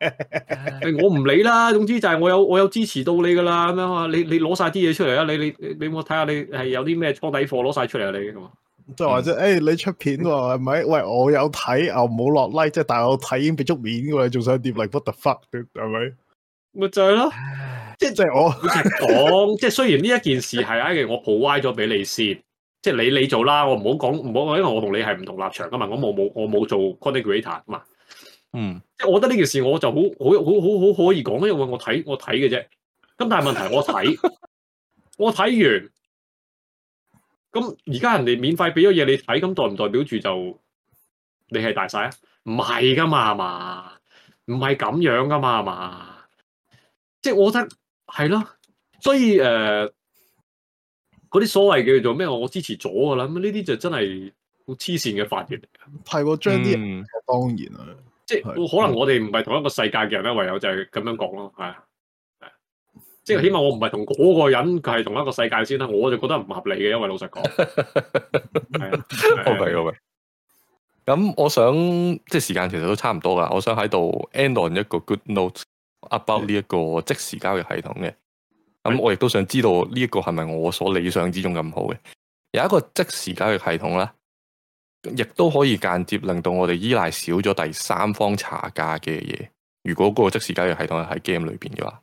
喂。我唔理啦。總之就係我有我有支持到你噶啦。咁樣你你攞晒啲嘢出嚟啊！你你你，我睇下你係有啲咩倉底貨攞晒出嚟啊！你咁即係話即係，誒，你出片喎，係咪？喂，我有睇啊，唔好落 like 即係，但我睇已經俾足面，我嚟仲想碟嚟？What the fuck，係咪？咪就係咯。即係即係我講，即 係雖然呢一件事係哎， 我抱歪咗俾你先，即係你你做啦，我唔好講唔好，因為我同你係唔同立場噶嘛，我冇冇我冇做 content creator 嘛，嗯，即係我覺得呢件事我就好好好好好可以講，因為我睇我睇嘅啫，咁但係問題是我睇 我睇完，咁而家人哋免費俾咗嘢你睇，咁代唔代表住就你係大晒？啊？唔係噶嘛，係嘛？唔係咁樣噶嘛，係嘛？即係我覺得。係咯，所以誒，嗰、呃、啲所謂叫做咩我支持咗噶啦，咁呢啲就真係好黐線嘅發言嚟。係將啲，嗯、當然啦，即係是可能我哋唔係同一個世界嘅人咧，唯有就係咁樣講咯，係，即係起碼我唔係同嗰個人，佢係同一個世界先啦，我就覺得唔合理嘅，因為老實講，係 的，我明嘅。咁我想即係時間其實都差唔多啦，我想喺度 end on 一個 good notes。About 呢一個即時交易系統嘅，咁的、嗯、我亦都想知道呢一個係咪我所理想之中咁好嘅？有一個即時交易系統咧，亦都可以間接令到我哋依賴少咗第三方查價嘅嘢。如果嗰個即時交易系統係喺 game 裏邊嘅話，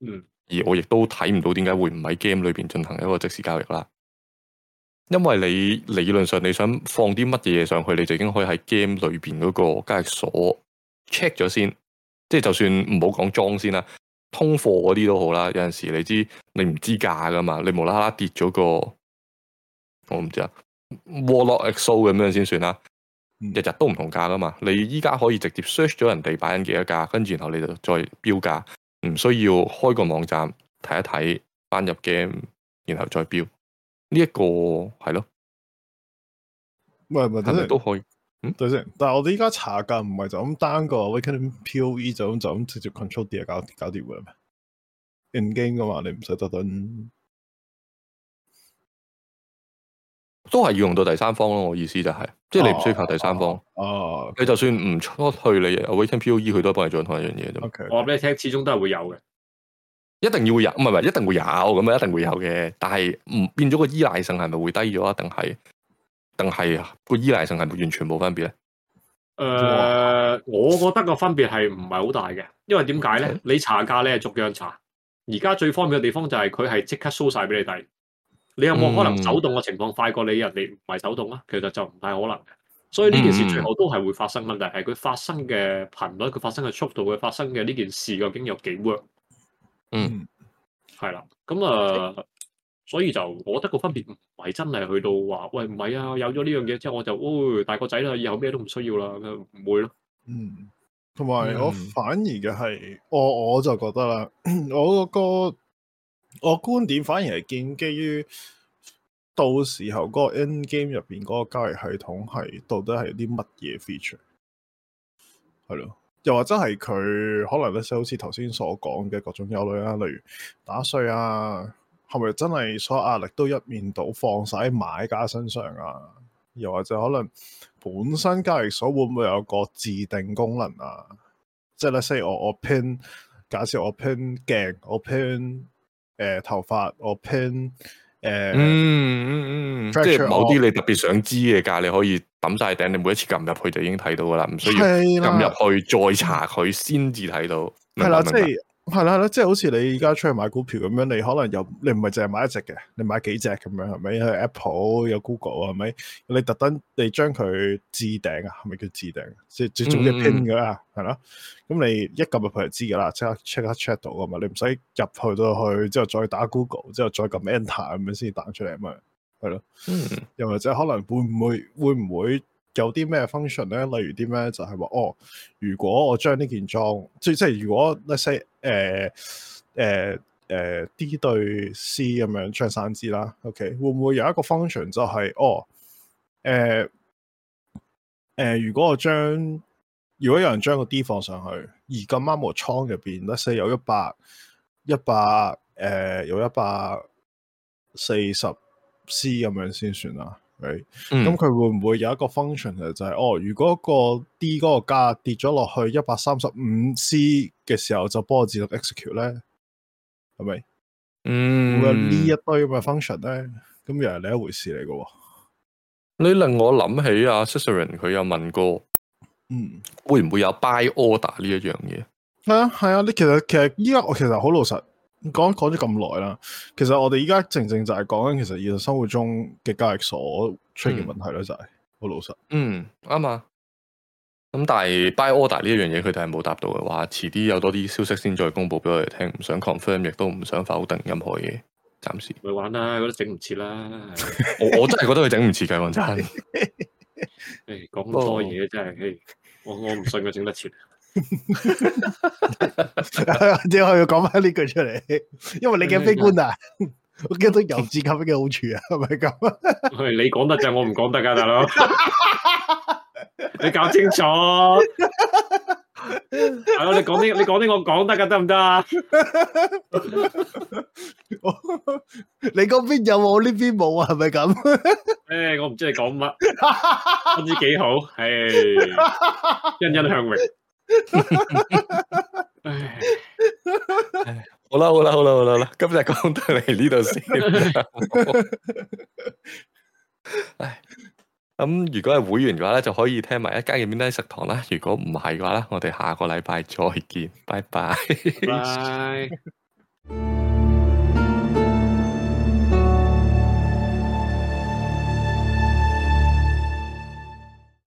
嗯的，而我亦都睇唔到點解會唔喺 game 裏邊進行一個即時交易啦？因為你理論上你想放啲乜嘢上去，你就已經可以喺 game 裏邊嗰個交易所 check 咗先了。即係就算唔好講裝先啦，通貨嗰啲都好啦。有陣時你知你唔知價噶嘛，你無啦啦跌咗個，我唔知啦，Vaal Orb 咁樣先算啦。日日都唔同價噶嘛，你依家可以直接 search 咗人哋擺緊幾多價，跟住然後你就再標價，唔需要開個網站睇一睇，翻入 game，然後再標。呢、這、一個係咯，唔係唔係都可以。對先，嗯、但係我哋依家查價唔係就咁單個，Awakened PoE 就咁就咁直接 control 啲啊，搞搞啲嘢咩？in game 噶嘛，你唔使得等，都係要用到第三方咯。我意思就係、是，即係、啊、你唔需要靠第三方。哦、啊，啊、你就算唔出去，啊 okay. 去你啊 Awakened PoE 佢都係幫你做同一樣嘢啫。Okay, okay. 我話俾你聽，始終都係會有嘅，一定要有，唔係唔係一定會有咁啊，一定會有嘅。但係唔變咗個依賴性係咪會低咗啊？一定係？定係個依賴性係完全冇分別咧？誒、呃，我覺得個分別係唔係好大嘅，因為點解咧？你查價咧逐樣查，而家最方便嘅地方就係佢係即刻 show 晒俾你睇。你有冇可能手動嘅情況快過、嗯、你人哋唔係手動啊？其實就唔太可能。所以呢件事最後都係會發生問題，係佢、嗯、發生嘅頻率、佢發生嘅速度、佢發生嘅呢件事究竟有幾 work？嗯，係啦，咁、嗯、啊。嗯所以就我覺得個分別唔係真係去到話，喂，唔係啊，有咗呢樣嘢之後我就哦，大個仔啦，以後咩都唔需要啦，咁唔會咯。嗯，同埋我反而嘅係、嗯、我我就覺得啦我、個我觀點反而係建基於到時候嗰個 Endgame 入邊嗰個交易系統係到底係啲乜嘢 feature 係咯，又或者係佢可能類好似頭先所講嘅各種憂慮啦，例如打稅啊。係咪真係所有壓力都一面倒放晒喺買家身上啊？又或者可能本身交易所會唔會有個自定功能啊？即係例如我我 pin，假設我 pin 鏡，我 p 編誒頭髮，我編誒、呃嗯，嗯嗯嗯，act 即係某啲你特別想知嘅價，啊、你可以揼曬頂，你每一次撳入去就已經睇到噶啦，唔需要撳入去再查佢先至睇到。係啦的，即係。係啦係啦，即係好似你而家出去買股票咁樣，你可能又你唔係淨係買一隻嘅，你買幾隻咁樣係咪？去 Apple 有 Google 係咪？你特登你將佢置頂啊，係咪叫置頂？即係即係總嘅拼噶啦，係、hmm. 啦。咁你一撳入去就知噶啦，即刻 check 一 check 到噶嘛。你唔使入去到去之後再打 Google 之後再撳 Enter 咁樣先打出嚟咪係咯。又或者可能會唔會會唔會？會有啲咩 function 咧？例如啲咩就係話哦，如果我將呢件裝，即即係如果 let's say 誒誒誒 D 對 C 咁樣將三支啦，OK 會唔會有一個 function 就係哦誒誒、呃呃？如果我將如果有人將個 D 放上去，而咁啱我倉入邊 let's say 有一百一百誒，有一百四十 C 咁樣先算啦。咁佢會唔會有一個 function 其實就係哦？如果個 D 嗰個價跌咗落去一百三十五 c 嘅時候，就幫我自動 execute 咧，係咪？嗯，會有呢一堆咁嘅 function 咧，咁又係另一回事嚟嘅，哦。你令我諗起啊 Susanne 佢有問過，嗯，會唔會有 buy order 呢一樣嘢？係啊，係啊，你其實其實依家我其實好老實。講講咗咁耐啦，其實我哋依家正正就係講緊，其實現實生活中嘅交易所出現，嗯、問題咧，就係，就係好老實。嗯，啱啊。咁但係 buy order 呢一樣嘢，佢哋係冇答到嘅話，遲啲有多啲消息先再公布俾我哋聽。唔想 confirm，亦都唔想否定任何嘢。暫時。咪玩啦，覺得整唔切啦。我真係覺得佢整唔切，計運真。誒、 哎，講咁多嘢真係，我我唔信佢整得切。哈哈哈！哈、 啊，可以講翻呢句出嚟，因為你嘅悲觀啊， 我見到有自給嘅好處啊，係咪咁啊？ 你講得就我唔講得噶，大佬， 你搞清楚、啊，係 咯？ 你講啲，你講啲，我講得噶，得唔得啊？你嗰邊有，我呢邊冇啊？係咪咁？誒、 欸，我唔知你講乜，不知幾 好，係欣欣向榮。 好啦好啦好啦好啦啦，今日講到嚟呢度先。咁、 嗯、如果係會員嘅話咧，就可以聽埋一間嘅 Midnight 食堂啦。如果唔係嘅話咧，我哋下個禮拜再見，拜。拜。Bye.